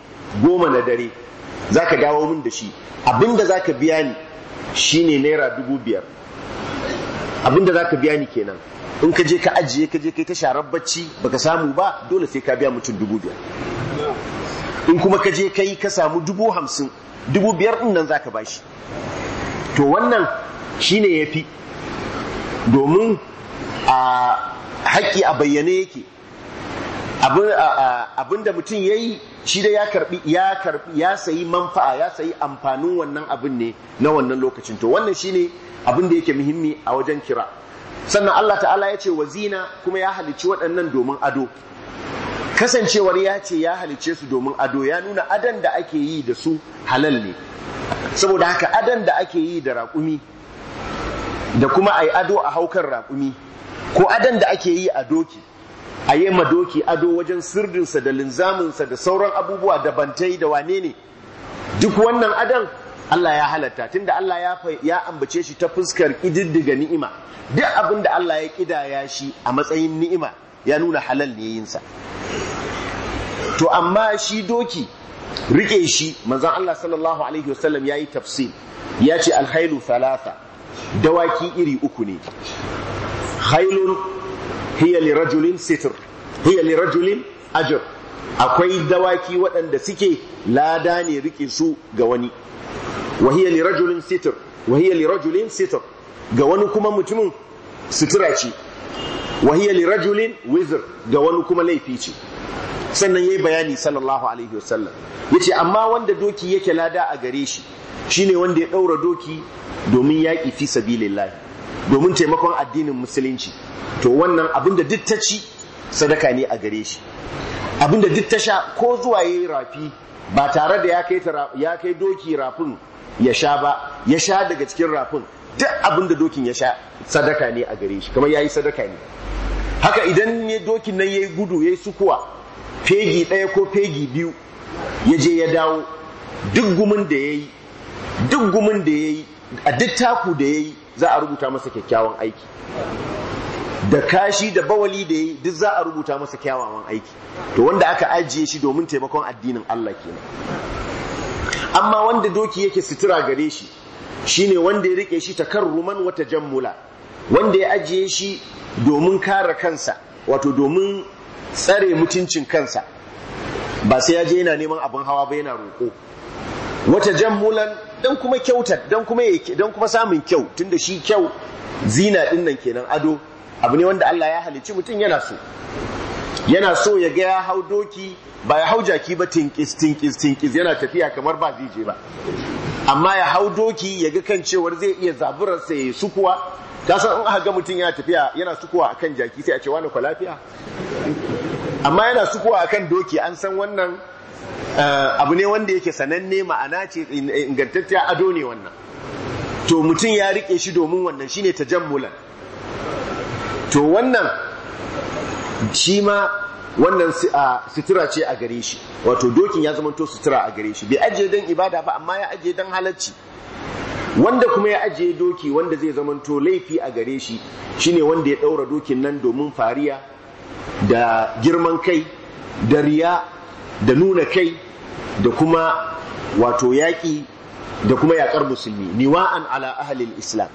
[SPEAKER 1] goma na dare za ka dawo min da shi abinda za ka biya ni shine naira dubu biyar abinda za ka biya ni kenan in ka je ka ajiye ka je kai ta sharar bacci baka samu ba dole sai ka biya mutum dubu biyar in kuma ka je kai ka samu dubu hamsin dubu biyar din nan zaka bashi to wannan shine yafi domin a haƙƙi a bayyane yake abin da mutum ya yi shi da ya karbi ya karbi ya sayi manfa'a ya sayi amfanin wannan abin ne na wannan lokacin to wannan shine abin da yake muhimmi a wajen kira sannan Allah ta'ala ya ce wa zina kuma ya halicci waɗannan domin ado kasancewar ya ce ya halicce su domin ado ya nuna adan da ake yi da su halal ne saboda haka adan da ake yi da raƙumi da kuma a yi ado a haukan raƙumi ko adan da ake yi a doki a yi madoki ado wajen sirdinsa da linzaminsa da sauran abubuwa da bantai da wane ne duk wannan adan Allah ya halatta tunda Allah ya ambace shi ta fuskar ƙididdiga ni'ima duk abin da Allah ya ƙidaya shi a matsayin ni'ima ya nuna halal ne yin sa to amma shi doki rike shi manzon Allah sallallahu alaihi wasallam yayi tafsir ya ce alhailu thalatha dawaki iri uku ne hailun hiya rajulin sitr hiya rajulin ajr akwai dawaki waɗanda suke lada ne rike su ga wani wahiya li rajulin sitr wahiya li rajulin sitr ga wani kuma mutumin sutura ce wahiya li rajulin wizr ga wani kuma laifi ce sannan ya yi bayani sallallahu alaihi wasallam yace amma wanda doki yake lada a gare shi shine wanda ya daura doki domin yaƙi fi sabilillahi domin taimakon addinin musulunci to wannan abinda duk ta ci sadaka ne a gare shi abinda duk ta sha ko zuwa yayi rafi ba tare da ya kai doki rafin ya sha ba ya sha daga cikin rafin duk abin da dokin ya sha sadaka ne a gare shi kamar yayi sadaka ne haka idan ne dokin nan yayi gudu yayi sukuwa fegi ɗaya ko fegi biyu ya je ya dawo duk gumin da yayi duk gumin da yayi a duk taku da yayi za a rubuta masa kyakkyawan aiki da kashi da bawali da yayi duk za a rubuta masa kyawawan aiki to wanda aka ajiye shi domin taimakon addinin Allah kenan amma wanda doki yake sutura gare shi shine wanda ya rike shi ta takarruman wata jammula wanda ya ajiye shi domin kare kansa wato domin tsare mutuncin kansa ba sai ya je yana neman abin hawa ba yana roƙo wata jammulan dan kuma kyautar dan kuma dan kuma samun kyau tunda shi kyau zina din nan kenan ado abu ne wanda Allah ya halicci mutum yana so yana so ya ga ya hau doki ba ya hau jaki ba tinkis tinkis tinkis yana tafiya kamar ba zai je ba amma ya hau doki ya ga kan cewar zai iya zaburarsa ya sukuwa ka san in aka ga mutum yana tafiya yana sukuwa akan jaki sai a ce wani kwa lafiya amma yana sukuwa akan doki an san wannan eh, abu ne wanda yake sananne ma'ana ce ingantacciya ado ne wannan to mutum ya rike shi domin wannan shine tajammulan to wannan shi ma wannan sutura ce a gare shi wato dokin ya zamanto sutura a gare shi bai ajiye don ibada ba amma ya ajiye don halacci wanda kuma ya ajiye doki wanda zai zamanto laifi a gare shi shine wanda ya ɗaura dokin nan domin fariya da girman kai da riya da nuna kai da kuma wato yaƙi da kuma yaƙar musulmi niwa'an ala ahalil islam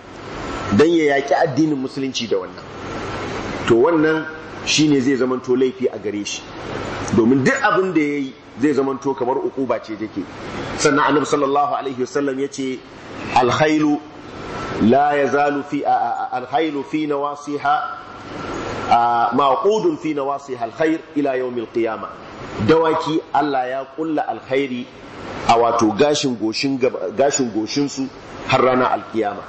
[SPEAKER 1] don ya yaƙi addinin musulunci da wannan to wannan shi ne zai zamanto laifi a gare shi domin duk abin da ya yi zai zamanto kamar ukuba ce take sannan annabi sallallahu alaihi wasallam ya ce alhailu la ya zalu fi alhailu fi nawasiha maqudun fi nawasiha alkhair ila yawmil qiyama dawaki Allah ya kulla alkhairi a wato gashin goshin gashin goshin su har rana alkiyama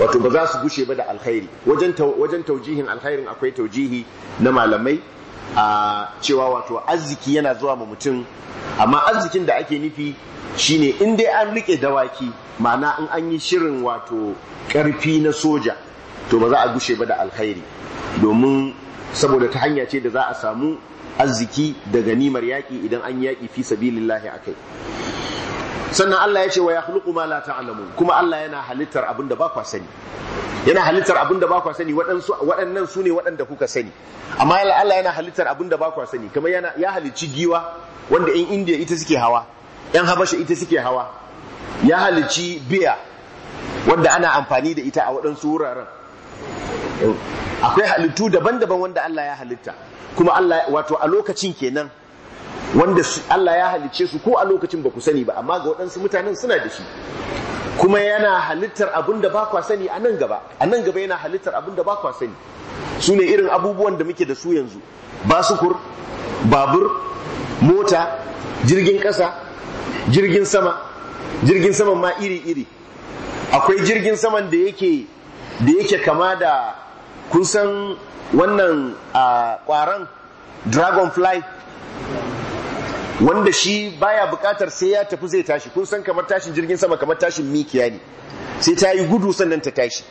[SPEAKER 1] wato ba za su gushe ba da alkhairi wajen taujihin alkhairin akwai taujihi na malamai a cewa wato arziki yana zuwa ma mutum amma arzikin da ake nufi shine in dai an rike dawaki ma'ana in an yi shirin wato karfi na soja to ba za a gushe ba da alkhairi domin saboda ta hanya ce da za a samu arziki da ganimar yaƙi idan an yaƙi fi a kai. sannan Allah ya ce wa yakhluqu ma la ta'lamun kuma Allah yana halittar abin da ba sani yana halittar abin da ba sani waɗannan su ne waɗanda kuka sani amma Allah yana halittar abin da ba sani kamar yana ya halicci giwa wanda in Indiya ita suke hawa yan Habasha ita suke hawa ya halicci biya wanda ana amfani da ita a waɗansu wuraren akwai halittu daban-daban wanda Allah ya halitta kuma Allah wato a lokacin kenan wanda Allah ya halicce su ko a lokacin ba ku sani ba amma ga waɗansu mutanen suna da shi kuma yana halittar abin da ba kwa sani a nan gaba a nan gaba yana halittar abin da ba kwa sani su ne irin abubuwan da muke da su yanzu basukur babur mota jirgin ƙasa jirgin sama jirgin saman ma iri-iri akwai jirgin saman da yake da yake kama da kun san wannan a kwaran dragonfly wanda shi baya bukatar sai ya tafi zai tashi kun san kamar tashin jirgin sama kamar tashin mikiya ne sai ta yi gudu sannan ta tashi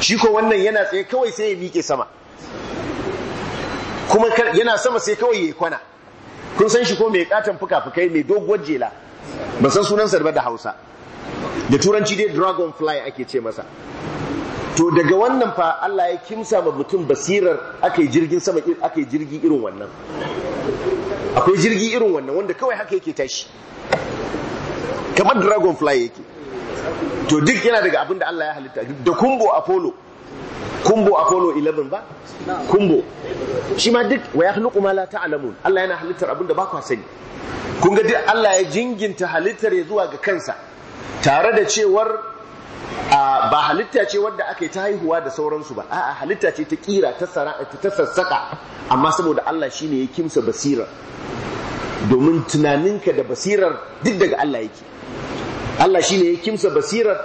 [SPEAKER 1] shi ko wannan yana tsaye kawai sai ya miƙe sama kuma yana sama sai kawai ya kwana kun san shi ko mai katon fuka-fukai mai doguwar jela ba san sunansa sarba da hausa da turanci dai dragon fly ake ce masa to daga wannan fa Allah ya kimsa ma mutum basirar aka jirgin sama aka jirgi irin wannan akwai jirgi irin wannan wanda kawai haka yake tashi kamar dragonfly yake to duk yana daga abin da Allah ya halitta da kumbo apollo kumbo apollo 11 ba kumbo shi ma duk wa yakhluqu ma la ta'lamun Allah yana halittar abin da ba ku sani kun ga duk Allah ya jinginta halittar ya zuwa ga kansa tare da cewar ba halitta ce wadda aka ta haihuwa da sauransu ba a'a halitta ce ta kira ta sassaka amma saboda Allah shine ya kimsa basirar domin tunaninka da basirar duk daga Allah yake Allah shine ya kimsa basirar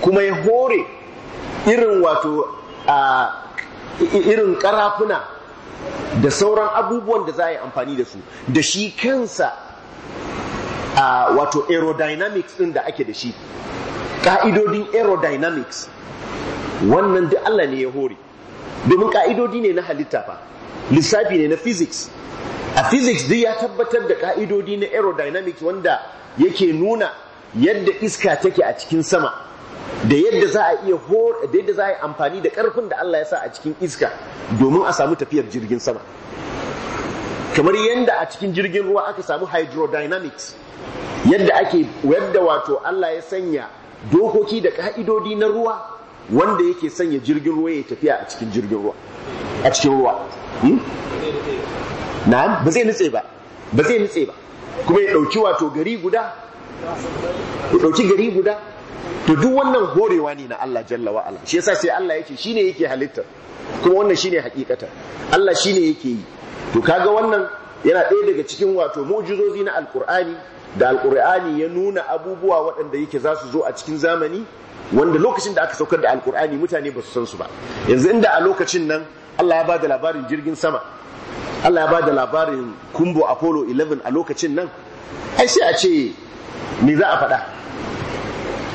[SPEAKER 1] kuma ya hore irin wato a irin karafuna da sauran abubuwan da za a yi amfani da su da shi kansa a wato aerodynamics din da ake da shi ka'idodin aerodynamics wannan da Allah ne ya hore domin ka'idodi ne na halitta fa lissafi ne na physics a physics duk ya tabbatar da ka'idodi na aerodynamics wanda yake nuna yadda iska take a cikin sama da yadda za a iya hori da yadda za a yi amfani da karfin da Allah ya sa a cikin iska domin a samu tafiyar jirgin sama kamar yadda a cikin jirgin ruwa aka samu hydrodynamics yadda ake yadda wato Allah ya sanya dokoki da ka'idodi na ruwa wanda yake sanya jirgin ruwa ya tafiya a cikin jirgin ruwa a cikin ruwa hmm? na'am ba zai nutse ba ba zai nutse ba kuma ya dauki wato gari guda ya dauki gari guda to duk wannan horewa ne na Allah jalla wa ala shi yasa sai Allah yake shine yake halitta kuma wannan shine hakikata Allah shine yake yi to kaga wannan yana ɗaya daga cikin wato mu'jizozi na alkur'ani da alkur'ani ya nuna abubuwa waɗanda yake za su zo a cikin zamani wanda lokacin da aka saukar da alkur'ani mutane ba su san su ba yanzu inda a lokacin nan Allah ya ba da labarin jirgin sama Allah ya ba da labarin kumbo apollo 11 a lokacin nan ai sai a ce me za a faɗa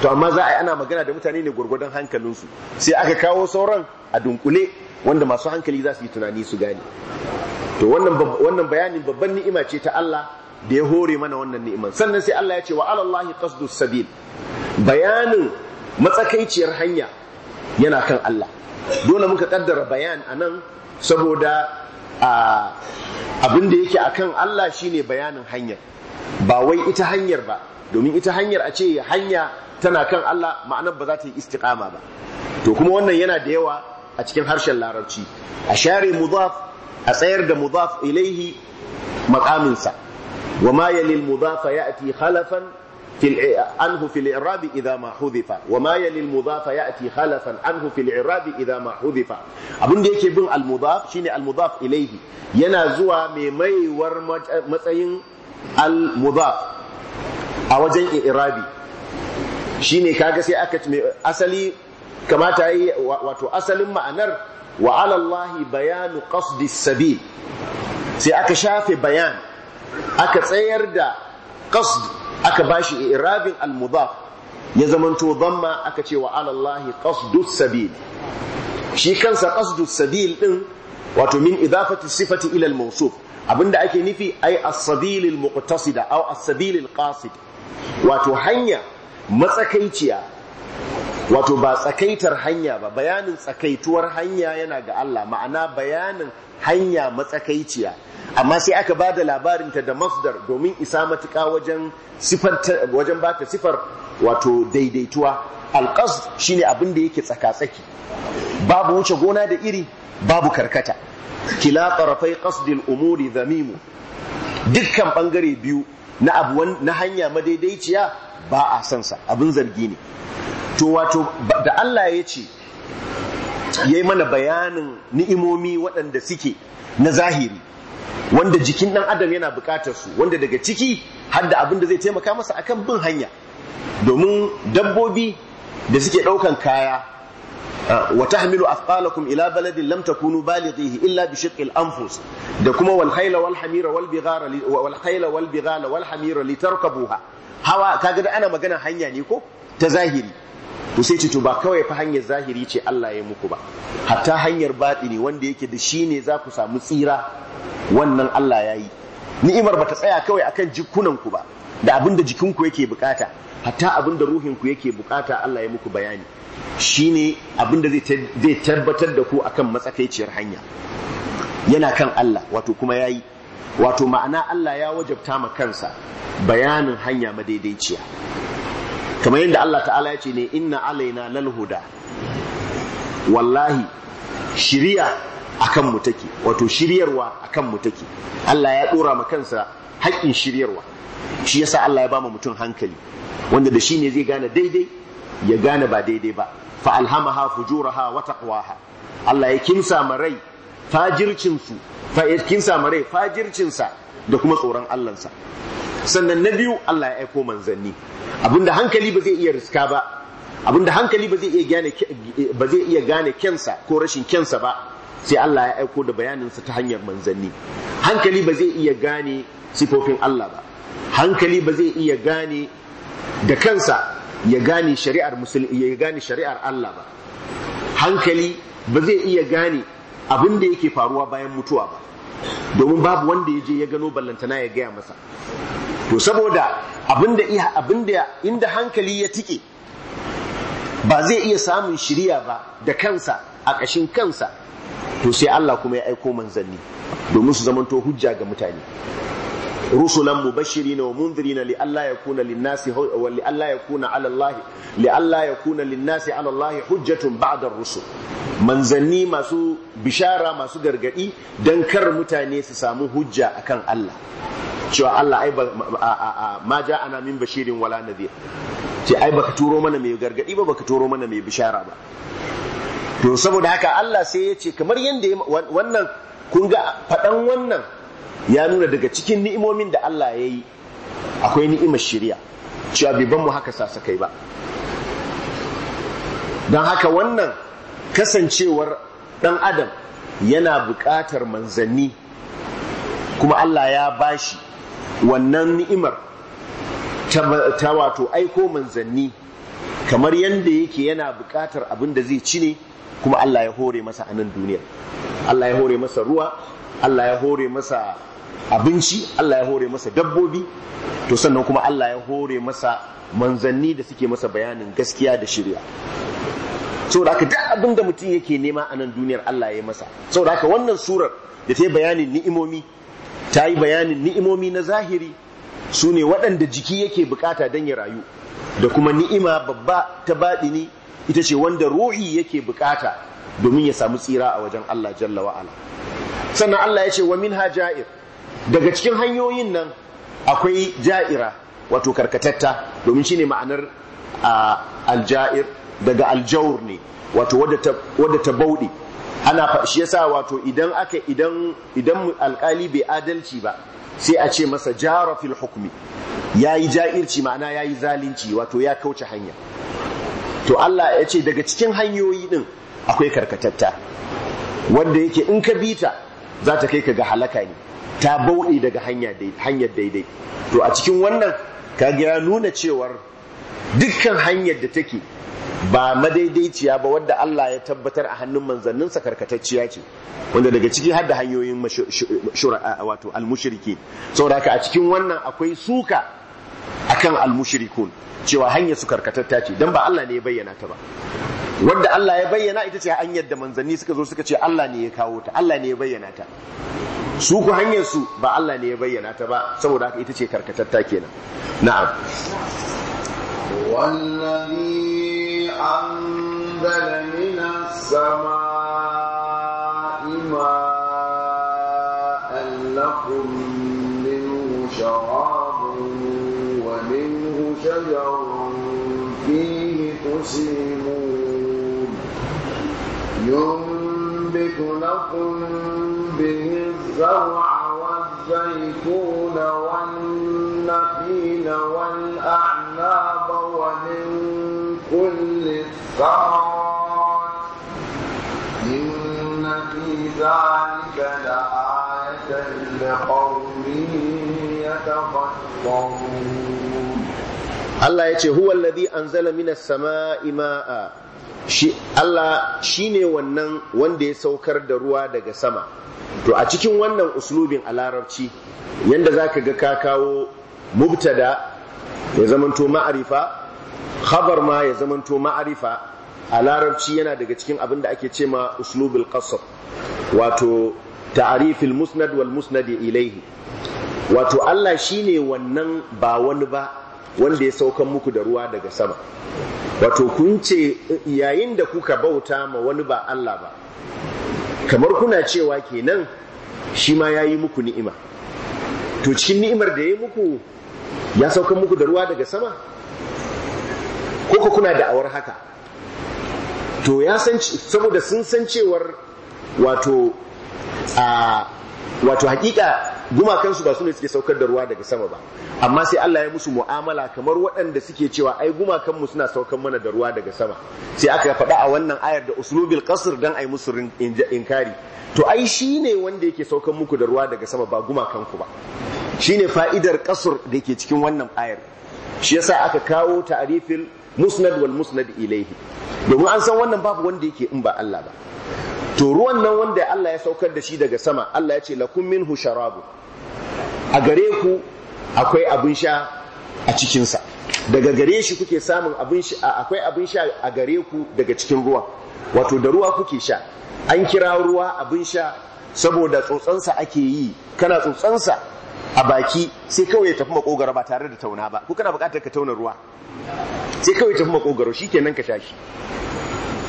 [SPEAKER 1] to amma za a yi ana magana da mutane ne gwargwadon su, sai aka kawo sauran a dunkule wanda masu hankali za su yi tunani su gane to wannan bayanin babban ni'ima ce ta Allah da ya hore mana wannan ni'imar sannan sai Allah ya ce wa alallahi qasdu sabil bayanin matsakaiciyar hanya yana kan Allah dole muka kaddara bayan anan saboda abin da yake akan Allah shine bayanin hanyar ba wai ita hanyar ba domin ita hanyar a ce hanya tana kan Allah ma'anar ba za ta yi istiqama ba to kuma wannan yana da yawa a cikin harshen larabci a share mudaf a tsayar da mudaf ilaihi maqaminsa وما يلي المضاف يأتي خلفا في عنه في الإعراب إذا ما حذف وما يلي المضاف يأتي خلفا عنه في ما حذف yake bin al-mudaf shine al-mudaf ilayhi yana zuwa mai maiwar matsayin al-mudaf a wajen i'rabi shine kaga sai aka ce asali kamata yi wato asalin ma'anar wa bayanu qasdi sabil sai aka shafe bayan aka tsayar da qasd aka bashi irabin al-mudaf ya zamanto dhamma aka ce wa alallahi allahi qasdus sabil shi kansa qasdus sabil din wato min idafati sifati ila al-mawsuf abinda ake nufi ai as-sabil muqtasida aw as-sabil qasid wato hanya matsakaiciya wato ba tsakaitar hanya ba bayanin tsakaituwar hanya yana ga Allah ma'ana bayanin hanya matsakaiciya amma sai aka ba da labarinta da masdar domin isa matuka wajen bata wajen ba ta sifar wato daidaituwa alƙas shine abin da yake tsaka-tsaki babu wuce gona da iri babu karkata kila ƙarfai qasdil umuri zamimu dukkan ɓangare biyu na hanya madaidaiciya ba a son sa abin zargi ne to wato da Allah ya ce yayi mana bayanin ni'imomi waɗanda suke na zahiri wanda jikin ɗan adam yana buƙatar su wanda daga ciki har da abin da zai taimaka masa akan bin hanya domin dabbobi da suke ɗaukan kaya wa tahmilu athqalakum ila baladin lam takunu balighihi illa bi shiqqi anfus da kuma wal khayla wal hamira wal bighara wal khayla wal wal hamira hawa kaga da ana magana hanya ne ko ta zahiri to sai ba kawai fa hanyar zahiri ce Allah ya muku ba hatta hanyar ne wanda yake da shi ne za ku samu tsira wannan Allah ya yi ni'imar ba ta tsaya kawai akan jikunan ku ba da abin da jikinku yake bukata hatta abin da ruhinku yake bukata Allah ya muku bayani shine abin da zai tabbatar da ku akan matsakaiciyar hanya yana kan Allah wato kuma yayi wato ma'ana Allah ya wajabta ma kansa bayanin hanya madaidaiciya kamar yadda Allah ta'ala ya ce ne inna alaina lal huda wallahi shiriya akan mu take wato shiryarwa akan mu take Allah ya dora ma kansa haƙƙin shiryarwa shi yasa Allah ya bama mutum hankali wanda da shi ne zai gane daidai ya gane ba daidai ba fa alhamaha fujuraha wa taqwaha Allah ya kimsa ma rai fajircinsu fa’irkin eh, samarai rai fajircinsa da kuma tsoron Allahnsa sannan na biyu Allah ya aiko manzanni abinda hankali ba zai iya riska ba abinda hankali ba zai iya gane kensa ko rashin kensa ba sai Allah ya aiko da bayaninsa ta hanyar manzanni hankali ba zai iya gane sifofin Allah ba hankali ba zai iya gane da kansa ya gane shari'ar Allah ba hankali ba zai iya gane abin da yake faruwa bayan mutuwa ba domin babu wanda ya je ya gano ballantana ya gaya masa to saboda abin da inda hankali ya tike ba zai iya samun shiriya ba da kansa a ƙashin kansa to sai Allah kuma ya aiko manzanni domin su zamanto hujja ga mutane rusulan mubashirina wa munzirina li yakuna linnasi wa li ala Allah linnasi ala Allah hujjatun ba'da ar-rusul manzanni masu bishara masu gargadi don kar mutane su samu hujja akan Allah cewa Allah ai ma ja ana min bashirin wala nadhir ce ai baka turo mana mai gargadi ba baka turo mana mai bishara ba to saboda haka Allah sai ya ce kamar yadda wannan kun ga faɗan wannan ya nuna daga cikin ni'imomin da Allah ya yi akwai ni'imar shirya cewa bai ban mu haka sasakai ba don haka wannan kasancewar ɗan adam yana buƙatar manzanni kuma Allah ya bashi wannan ni'imar ta wato aiko manzanni kamar yadda yake yana buƙatar abin da zai ci ne kuma Allah ya hore masa a nan duniya Allah ya hore masa ruwa Allah ya hore masa abinci Allah ya hore masa dabbobi to sannan kuma Allah ya hore masa manzanni da suke masa bayanin gaskiya da shirya saboda haka duk abin da mutum yake nema a nan duniyar Allah ya masa saboda haka wannan surar da ta yi bayanin ni'imomi ta yi bayanin ni'imomi na zahiri su ne waɗanda jiki yake bukata don ya rayu da kuma ni'ima babba ta baɗi ni ita ce wanda ruhi yake bukata domin ya samu tsira a wajen Allah jalla wa'ala sannan Allah ya ce wa min ja'ir daga cikin hanyoyin nan akwai ja'ira wato karkatatta domin shine ma'anar Al jair. daga aljawur ne wato wadda ta bauɗe ana shi yasa wato idan aka idan idan alkali bai adalci ba sai a ce masa jara hukumi, hukmi yi ja'irci ma'ana ya yi zalunci wato ya kauce hanya to Allah ya ce daga cikin hanyoyi din akwai karkatatta wanda yake in ka bita za ta kai ka ga halaka ne ta bauɗe daga hanyar daidai to a cikin wannan ka ya nuna cewar dukkan hanyar da take ba madaidaiciya ba wadda Allah ya tabbatar a hannun manzanninsa karkatacciya ce wanda daga ciki har da hanyoyin wato almushriki saboda haka a cikin wannan akwai suka akan almushrikun cewa hanyar su karkatatta ce dan ba Allah ne ya bayyana ta ba wadda Allah ya bayyana ita ce hanyar da manzanni suka zo suka ce Allah ne ya kawo ta Allah ne ya bayyana ta su ku hanyar su ba Allah ne ya bayyana ta ba saboda haka ita ce karkatatta kenan na'am
[SPEAKER 2] wallahi أنزل من السماء ماء لكم منه شراب ومنه شجر فيه تسيمون ينبت لكم به الزرع والزيتون والنخيل والأعناب ومن Allah
[SPEAKER 1] ya ce, Huwa ladi an zala mina sama ima’a, Shi Allah shi ne wannan wanda ya saukar da ruwa daga sama. To a cikin wannan uslubin a larabci, yadda za ka ga ka kawo mubtada ya zamanto ma'arifa, khabar ma ya zamanto ma'arifa, a larabci yana daga cikin abin da ake ce ma uslubul qasr wato ta'rifil musnad wal musnad ilayhi wato Allah shine wannan ba wani ba wanda ya saukan muku da ruwa daga sama wato kun ce yayin da kuka bauta ma wani ba Allah ba kamar kuna cewa kenan shi ma ya yi muku ni'ima to cikin ni'imar da ya yi muku ya saukan muku da ruwa daga sama ko kuna da'awar haka to ya san saboda sun san cewar wato a wato hakika gumakansu ba su ne suke saukar da ruwa daga sama ba amma sai Allah ya musu mu'amala kamar waɗanda suke cewa ai gumakanmu suna saukar mana da ruwa daga sama sai aka faɗa a wannan ayar da uslubil qasr dan ai musu inkari to ai shine wanda yake saukar muku da ruwa daga sama ba gumakanku ba shine fa'idar qasr da yake cikin wannan ayar shi yasa aka kawo ta'rifil musnad wal musnad ilaihi domin an san wannan babu wanda yake in ba Allah ba to ruwan nan wanda Allah ya saukar da shi daga sama Allah ya ce lakum minhu sharabu a gare ku akwai abin sha a cikinsa daga gare shi kuke samun abin sha akwai abin sha a gare ku daga cikin ruwa wato da ruwa kuke sha an kira ruwa abin sha saboda tsotsansa ake yi kana tsotsansa a baki sai kawai ya tafi makogaro ba tare da tauna ba ko kana buƙatar ka tauna ruwa sai kawai ya tafi makogaro shikenan ka tashi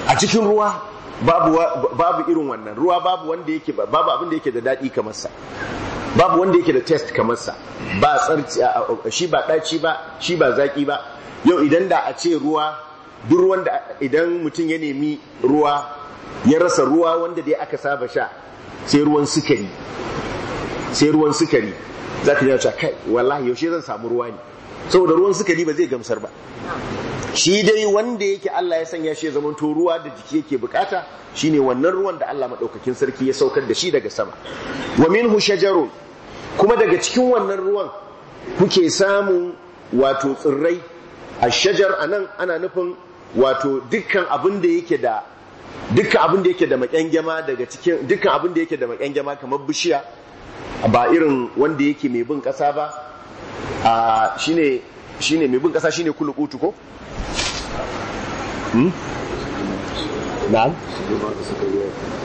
[SPEAKER 1] a cikin ruwa babu babu irin wannan ruwa babu wanda yake babu abin da yake da daɗi kamar sa babu wanda yake da test kamar sa ba tsarci shi ba ɗaci ba shi ba zaki ba yau idan da a ce ruwa duk ruwan da idan mutum ya nemi ruwa ya rasa ruwa wanda dai aka saba sha sai ruwan sukari sai ruwan sukari za ka jana kai wallahi yaushe zan samu ruwa ne saboda ruwan suka ba zai gamsar ba shi dai wanda yake Allah ya sanya shi ya zama to ruwa da jiki yake bukata shine wannan ruwan da Allah maɗaukakin sarki ya saukar da shi daga sama wa minhu shajaru kuma daga cikin wannan ruwan kuke samu wato tsirrai ashajar nan ana nufin wato dukkan abin da yake da dukkan abin da yake da makyangema daga cikin dukkan abin da yake da makyangema kamar bishiya ba irin wanda yake mai bin kasa ba a shine ne mai bin kasa Kulu kulukutu ko hmm? na'am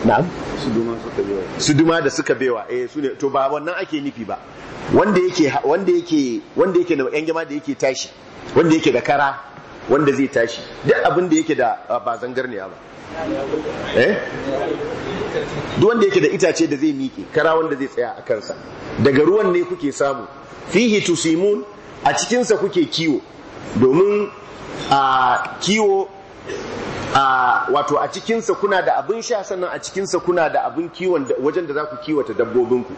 [SPEAKER 1] na'am suduma da suka bewa eh su ne to ba wannan ake nufi ba wanda yake wanda yake wanda yake da yan jama da yake tashi wanda yake da kara wanda zai tashi duk abin da yake da ba zangarniya ba eh duk wanda yake da itace da zai miƙe kara wanda zai tsaya a kansa daga ruwan ne kuke samu fihi tusimun a cikinsa kuke kiwo domin a kiwo a wato a cikinsa kuna da abin sha sannan a cikinsa kuna da abin kiwon wajen da za ku kiwata dabbobinku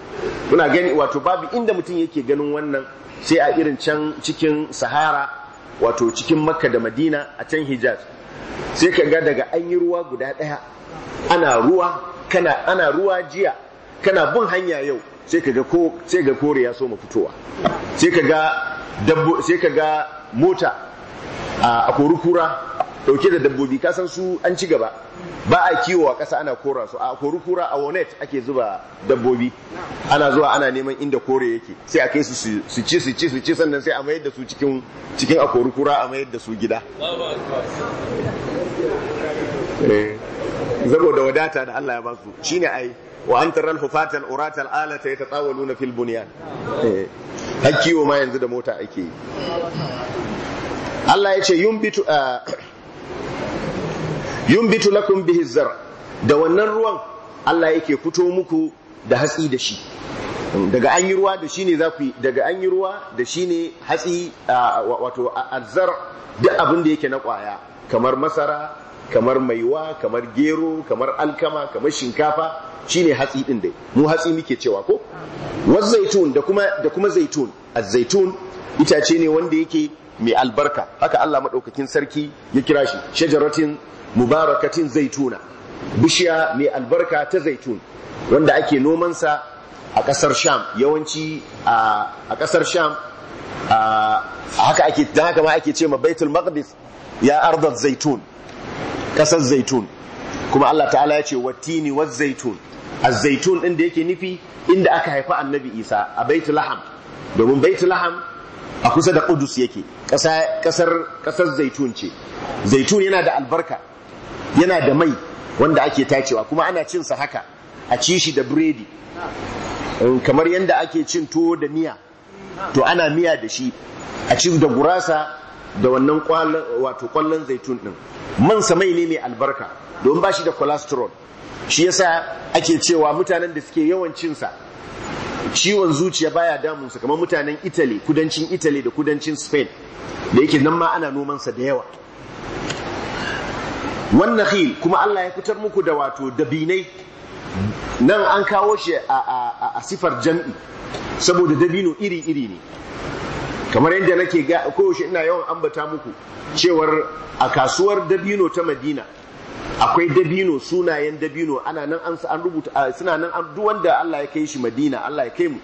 [SPEAKER 1] kuna gani wato babu inda mutum yake ganin wannan sai a irin can cikin sahara wato cikin makka da madina a can hijaz sai ka ga daga an yi ruwa guda ɗaya ana ruwa kana ana ruwa jiya kana bin hanya yau sai kaga ko sai ga kore ya so mu fitowa sai kaga dabbo sai kaga mota a kura dauke da dabbobi ka san su an ci gaba ba a kiwo a ƙasa ana kora su a kura a wonet ake zuba dabbobi ana zuwa ana neman inda kore yake sai a kai su su ci su ci su ci sannan sai a mayar da su cikin cikin a kura a mayar da su gida da wadata da Allah ya ba su shine ai wa an taral hufatal uratal alata yatatawaluna fil bunyan eh, hakkiwo ma yanzu da mota ake yi Allah ya ce yumbitu ah, yumbitu lakum bihi zar da wannan ruwan Allah yake fito muku da hatsi da shi daga an yi ruwa da shi ne za ku yi daga an yi ruwa da shi ne hatsi ah, wato azar duk abin da yake na kwaya kamar masara kamar maiwa kamar gero kamar alkama kamar shinkafa shine hatsi ɗin dai mu hatsi muke cewa ko Wasu zaitun da kuma zaitun a zaitun azzaitun itace ne wanda yake mai albarka haka Allah madaukakin sarki ya kira shi shajaratin mubarakatin zaituna bishiya mai albarka ta zaitun wanda ake nomansa a ƙasar sham yawanci a ƙasar sham haka ake haka ma ake ce ma baitul maqdis ya ardar zaitun ƙasar zaitun kuma Allah ta'ala ya ce wattini wa zaitun A zaitun din da yake nufi inda aka haifa annabi Isa a baitu laham domin baitu laham a kusa da ƙudus yake ƙasar ƙasar zaitun ce zaitun yana da albarka yana da mai wanda ake tacewa kuma ana cin sa haka a ci shi da biredi eh, kamar yadda ake cin tuwo da miya to ana miya da shi a cin da gurasa da wannan kwallon zaitun din man samai ne mai albarka don ba shi da cholesterol shi yasa ake cewa mutanen da suke yawan cinsa ciwon zuciya baya damunsa kamar mutanen italy kudancin italy da kudancin spain da yake nan ma ana nomansa da yawa wannan khil kuma allah ya fitar muku da wato dabinai nan an kawo shi a sifar jam'i saboda dabino iri-iri ne kamar yadda nake ga koyaushe ina yawan ambata muku cewar a kasuwar dabino ta madina akwai dabino sunayen dabino ana nan an an rubuta suna nan an duk wanda Allah ya kai shi Madina Allah ya kai mu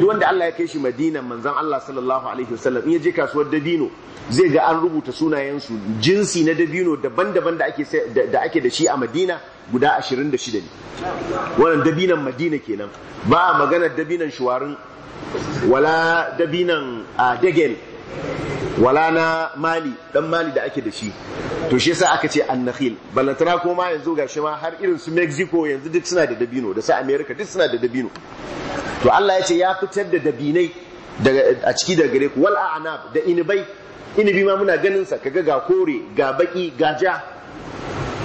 [SPEAKER 1] duk wanda Allah ya kai shi Madina manzon Allah sallallahu alaihi wasallam in ya je kasuwar dabino zai ga an rubuta sunayen su jinsi na dabino daban-daban da ake da ake da shi a Madina guda 26 ne wannan dabinan Madina kenan ba maganar dabinan shuwarin wala dabinan a dagel wala na mali dan mali da ake da shi to shi yasa aka ce annakhil balantana ko ma yanzu ga shi ma har irin su Mexico yanzu duk suna da dabino da su America duk suna da dabino to Allah ya ce ya fitar da dabinai a ciki daga gare ku wal a'nab da inibai inibi ma muna ganin sa kaga ga kore ga baki ga ja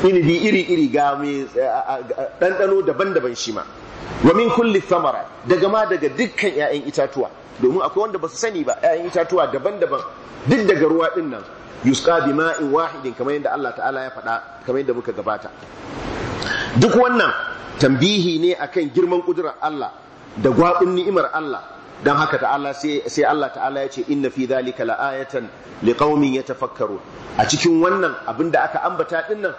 [SPEAKER 1] inibi iri iri ga mai dandano daban-daban shi ma wa min kulli thamara daga ma daga dukkan 'ya'yan itatuwa domin akwai wanda ba su sani ba 'ya'yan itatuwa daban-daban duk daga ruwa din nan yusqa bima'in wahidin kamar yadda Allah ta'ala ya faɗa kamar yadda muka gabata duk wannan tambihi ne akan girman kudurar Allah da gwabin ni'imar Allah dan haka ta'ala sai Allah ta'ala ya ce inna fi dhalika la'ayatan liqaumin yatafakkaru a cikin wannan abinda aka ambata din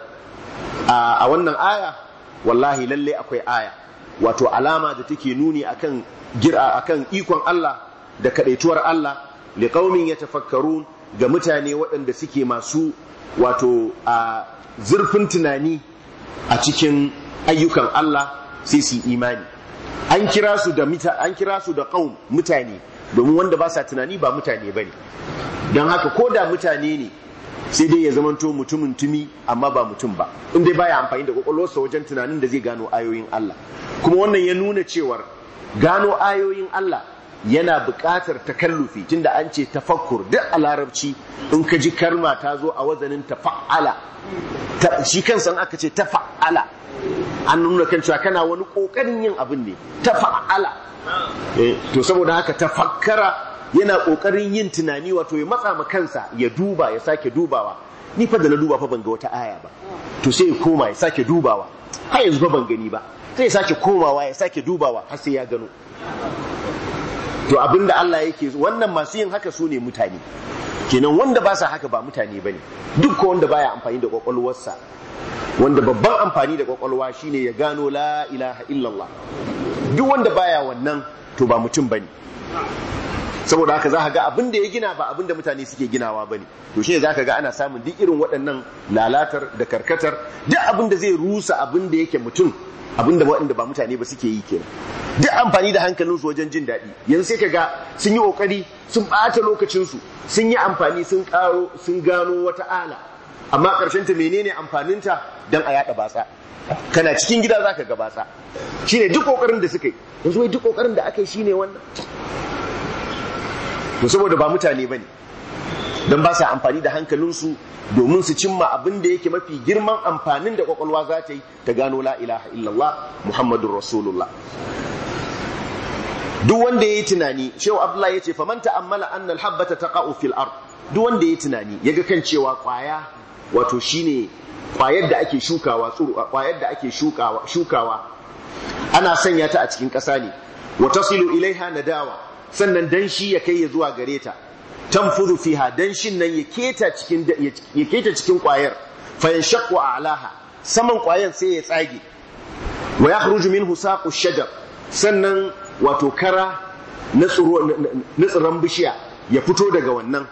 [SPEAKER 1] a wannan aya wallahi lalle akwai aya wato alama da take nuni akan gir’a akan ikon Allah da kadaituwar Allah qaumin yatafakkarun ga mutane waɗanda suke masu wato a zurfin tunani a cikin ayyukan Allah sai su imani an kira su da mita an kira su da qaum mutane domin wanda ba sa tunani ba mutane bane don haka ko da mutane ne sai dai ya zamanto mutumin tumi amma ba mutum ba in dai baya amfani da sa wajen tunanin da zai gano ayoyin Allah kuma wannan ya nuna cewar gano ayoyin Allah yana buƙatar takallufi tunda an ce tafakkur duk a larabci in ka ji karma ta zo a wazanin tafa'ala shi kansa aka ce tafa'ala an nuna kan cewa kana wani ƙoƙarin yin abin ne tafa'ala eh, to saboda haka tafakkara yana kokarin yin tunani wato ya matsa ma kansa ya duba ya sake dubawa ni fa da na duba fa ban ga wata aya ba to sai ya koma ya sake dubawa har yanzu fa ban gani ba sai ya sake komawa ya sake dubawa har sai ya gano to abinda Allah yake wannan masu yin haka su ne mutane kenan wanda ba sa haka ba mutane bane duk ko wanda baya amfani da kwakwalwarsa wanda babban amfani da kwakwalwa shine ya gano la ilaha illallah duk wanda baya wannan to ba mutum bane saboda haka za ka ga abin da ya gina ba abin da mutane suke ginawa ba ne to ne za ka ga ana samun duk irin waɗannan lalatar da karkatar duk abin da zai rusa abin da yake mutum abin da waɗanda ba mutane ba suke yi kenan duk amfani da hankalinsu wajen jin daɗi yanzu sai ka ga sun yi ƙoƙari sun ɓata lokacinsu sun yi amfani sun ƙaro sun gano wata ala amma ƙarshen ta menene amfaninta don a yaɗa batsa kana cikin gida za ka ga batsa shine duk ƙoƙarin da suka yi yanzu wai duk ƙoƙarin da aka yi shine wannan to saboda ba mutane ba ne, don ba sa amfani da hankalinsu domin su cimma abin da yake mafi girman amfanin da kwakwalwa za ta yi ta gano la ilaha illallah Muhammadu rasulullah duk wanda ya yi tunani shehu abdullahi ya ce faman an alhabba habbata taqa'u fil ard duk wanda ya yi tunani ya ga kan cewa kwaya wato shine kwayar da ake shukawa kwayar da ake shukawa ana sanya ta a cikin ƙasa ne wa tasilu ilaiha nadawa sannan danshi ya kai ya zuwa gare ta tanfudu fiha danshin nan ya keta cikin ya keta cikin kwayar fa yashaqqu alaha saman kwayan sai ya tsage wa yakhruju minhu saqu shajar sannan wato kara na tsiron bishiya ya fito daga wannan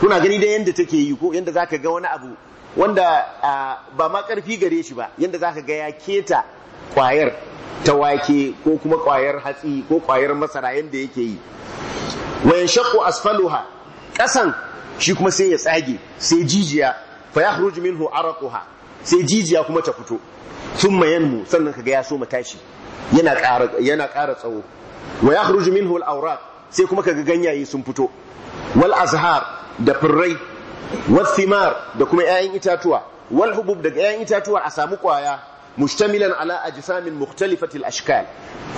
[SPEAKER 1] kuna gani da yanda take yi ko yanda zaka ga wani abu wanda ba ma karfi gare shi ba yadda zaka ga ya keta kwayar ta wake ko kuma kwayar hatsi ko kwayar masara yadda yake yi wayan yanshaqu asfaluha kasan shi kuma sai ya tsage sai jijiya fa yakhruju minhu araquha sai jijiya kuma ta fito thumma yanmu sannan kaga ya so matashi yana ƙara yana ƙara tsawo wa yakhruju minhu al-awraq sai kuma kaga ganyaye sun fito wal azhar da firrai wal thimar da kuma 'ya'yan itatuwa wal hubub daga 'ya'yan itatuwa a samu kwaya mustamilan ala ajsamin mukhtalifatil ashkal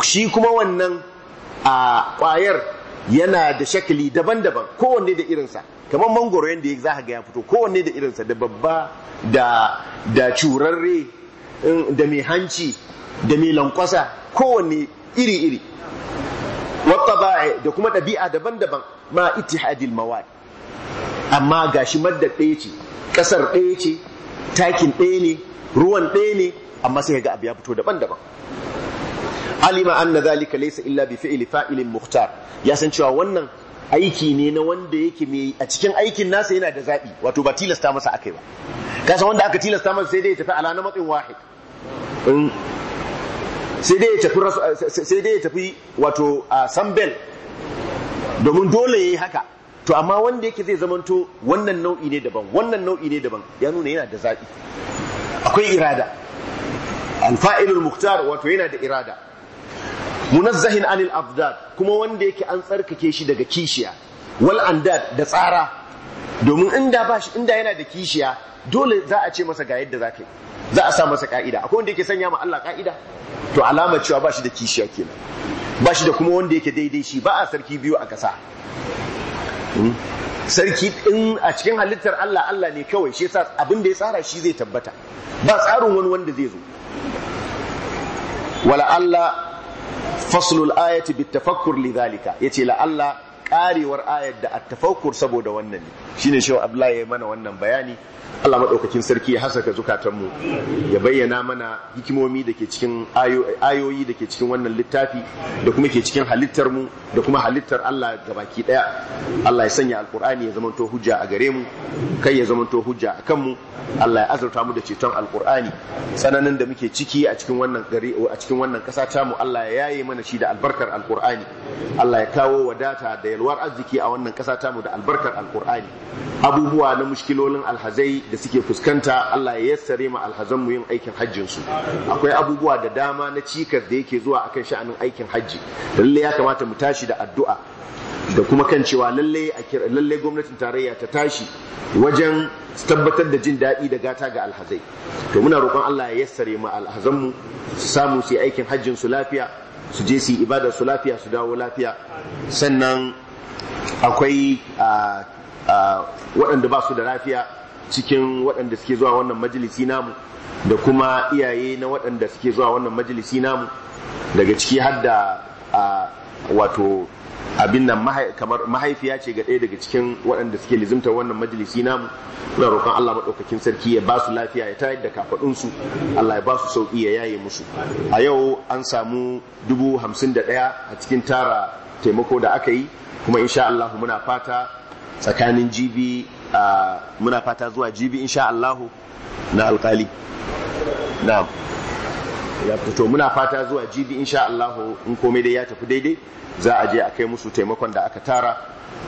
[SPEAKER 1] shi kuma wannan a kwayar yana da shakali daban-daban kowanne da irinsa kamar mangoro yadda za ga ya fito kowanne da irinsa da babba da curarre da mai hanci da mai lankwasa kowanne iri-iri wata da kuma ɗabi'a daban-daban ma ittihadil mawad amma ga shi ɗaya ce ƙasar ɗaya ce takin ɗaya ne ruwan ɗaya ne amma sai ga abu ya fito daban-daban alima anna zalika laysa illa bi fi'li fa'ilin muhtar ya san cewa wannan aiki ne na wanda yake mai a cikin aikin nasa yana da zabi wato ba tilasta masa akai ba kasan wanda aka tilasta masa sai dai ya tafi ala na matsin wahid sai dai ya tafi sai dai ya tafi wato sambel domin dole yayi haka to amma wanda yake zai zamanto wannan nau'i ne daban wannan nau'i ne daban ya nuna yana da zabi akwai irada alfa'ilul muktar wato yana da irada munazzahin anil abdad kuma wanda yake an tsarkake shi daga kishiya wal andad da tsara domin inda ba shi inda yana da kishiya dole za a ce masa ga yadda zaka yi za a sa masa ka'ida akwai wanda yake sanya ma Allah ka'ida to alamar cewa ba shi da kishiya kenan ba shi da kuma wanda yake daidai shi ba a sarki biyu a ƙasa hmm? sarki in a cikin halittar Allah Allah ne kawai shi yasa abin da ya tsara shi zai tabbata ba tsarin wani wanda zai zo wala Allah faslul ayati li zalika yace la Allah karewar ayar da at-tafakkur saboda wannan ne shine shi Abdullahi ya mana wannan bayani Allah maɗaukakin sarki ya hasaka zukatanmu ya bayyana mana hikimomi da ke cikin ayoyi da ke cikin wannan littafi da kuma ke cikin halittar mu da kuma halittar Allah gabaki ɗaya Allah ya sanya alkur'ani ya zamanto hujja a gare mu kai ya zamanto hujja a kanmu Allah ya azurta mu da ceton alkur'ani tsananin da muke ciki a cikin wannan gari a cikin wannan ƙasa ta mu Allah ya yaye mana shi da albarkar alkur'ani Allah ya kawo wadata da yalwar arziki a wannan ƙasa ta mu da albarkar alkur'ani abubuwa na mushkilolin alhazai da suke fuskanta Allah ya yassare ma alhazan mu yin aikin hajjin su akwai abubuwa da dama na cikas da yake zuwa akan sha'anin aikin hajji lalle ya kamata mu tashi da addu'a da kuma kan cewa lalle lalle gwamnatin tarayya ta tashi wajen tabbatar da jin daɗi da gata ga alhazai to muna roƙon Allah ya yassare ma alhazan mu su samu su yi aikin hajjin su lafiya su je su yi ibada su lafiya su dawo lafiya sannan akwai ah, ah, waɗanda ba su da lafiya cikin waɗanda suke zuwa wannan majalisi namu da kuma iyaye na waɗanda suke zuwa wannan majalisi namu daga ciki har da wato abin nan kamar mahaifiya ce ga ɗaya daga cikin waɗanda suke lizimta wannan majalisi namu na roƙon Allah maɗaukakin sarki ya ba su lafiya ya tayar da kafaɗunsu Allah ya ba su sauƙi ya yaye musu a yau an samu dubu hamsin da ɗaya a cikin tara taimako da aka yi kuma insha Allah muna fata tsakanin jibi muna fata zuwa jibi insha Allah na alkali na ya fito muna fata zuwa jibi insha Allah in komai dai ya tafi daidai za a je a kai musu taimakon da aka tara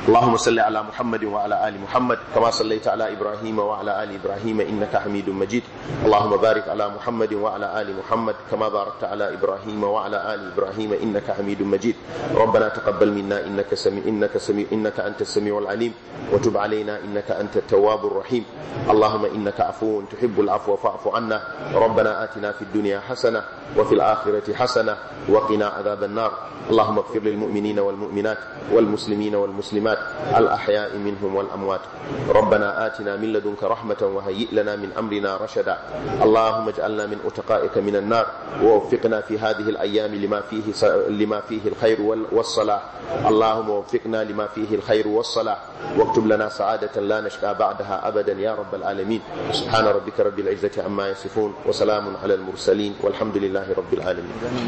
[SPEAKER 1] اللهم صل على محمد وعلى ال محمد كما صليت على ابراهيم وعلى ال ابراهيم انك حميد مجيد اللهم بارك على محمد وعلى ال محمد كما باركت على ابراهيم وعلى ال ابراهيم انك حميد مجيد ربنا تقبل منا انك سميع انك سميع انك انت السميع العليم وتب علينا انك انت التواب الرحيم اللهم انك عفو تحب العفو فاعف عنا ربنا اتنا في الدنيا حسنه وفي الاخره حسنه وقنا عذاب النار اللهم اغفر المؤمنين والمؤمنات والمسلمين والمسلمات الأحياء منهم والأموات ربنا آتنا من لدنك رحمة وهيئ لنا من أمرنا رشدا اللهم اجعلنا من أتقائك من النار ووفقنا في هذه الأيام لما فيه, لما فيه الخير والصلاح اللهم وفقنا لما فيه الخير والصلاح واكتب لنا سعادة لا نشقى بعدها أبدا يا رب العالمين سبحان ربك رب العزة عما يصفون وسلام على المرسلين والحمد لله رب العالمين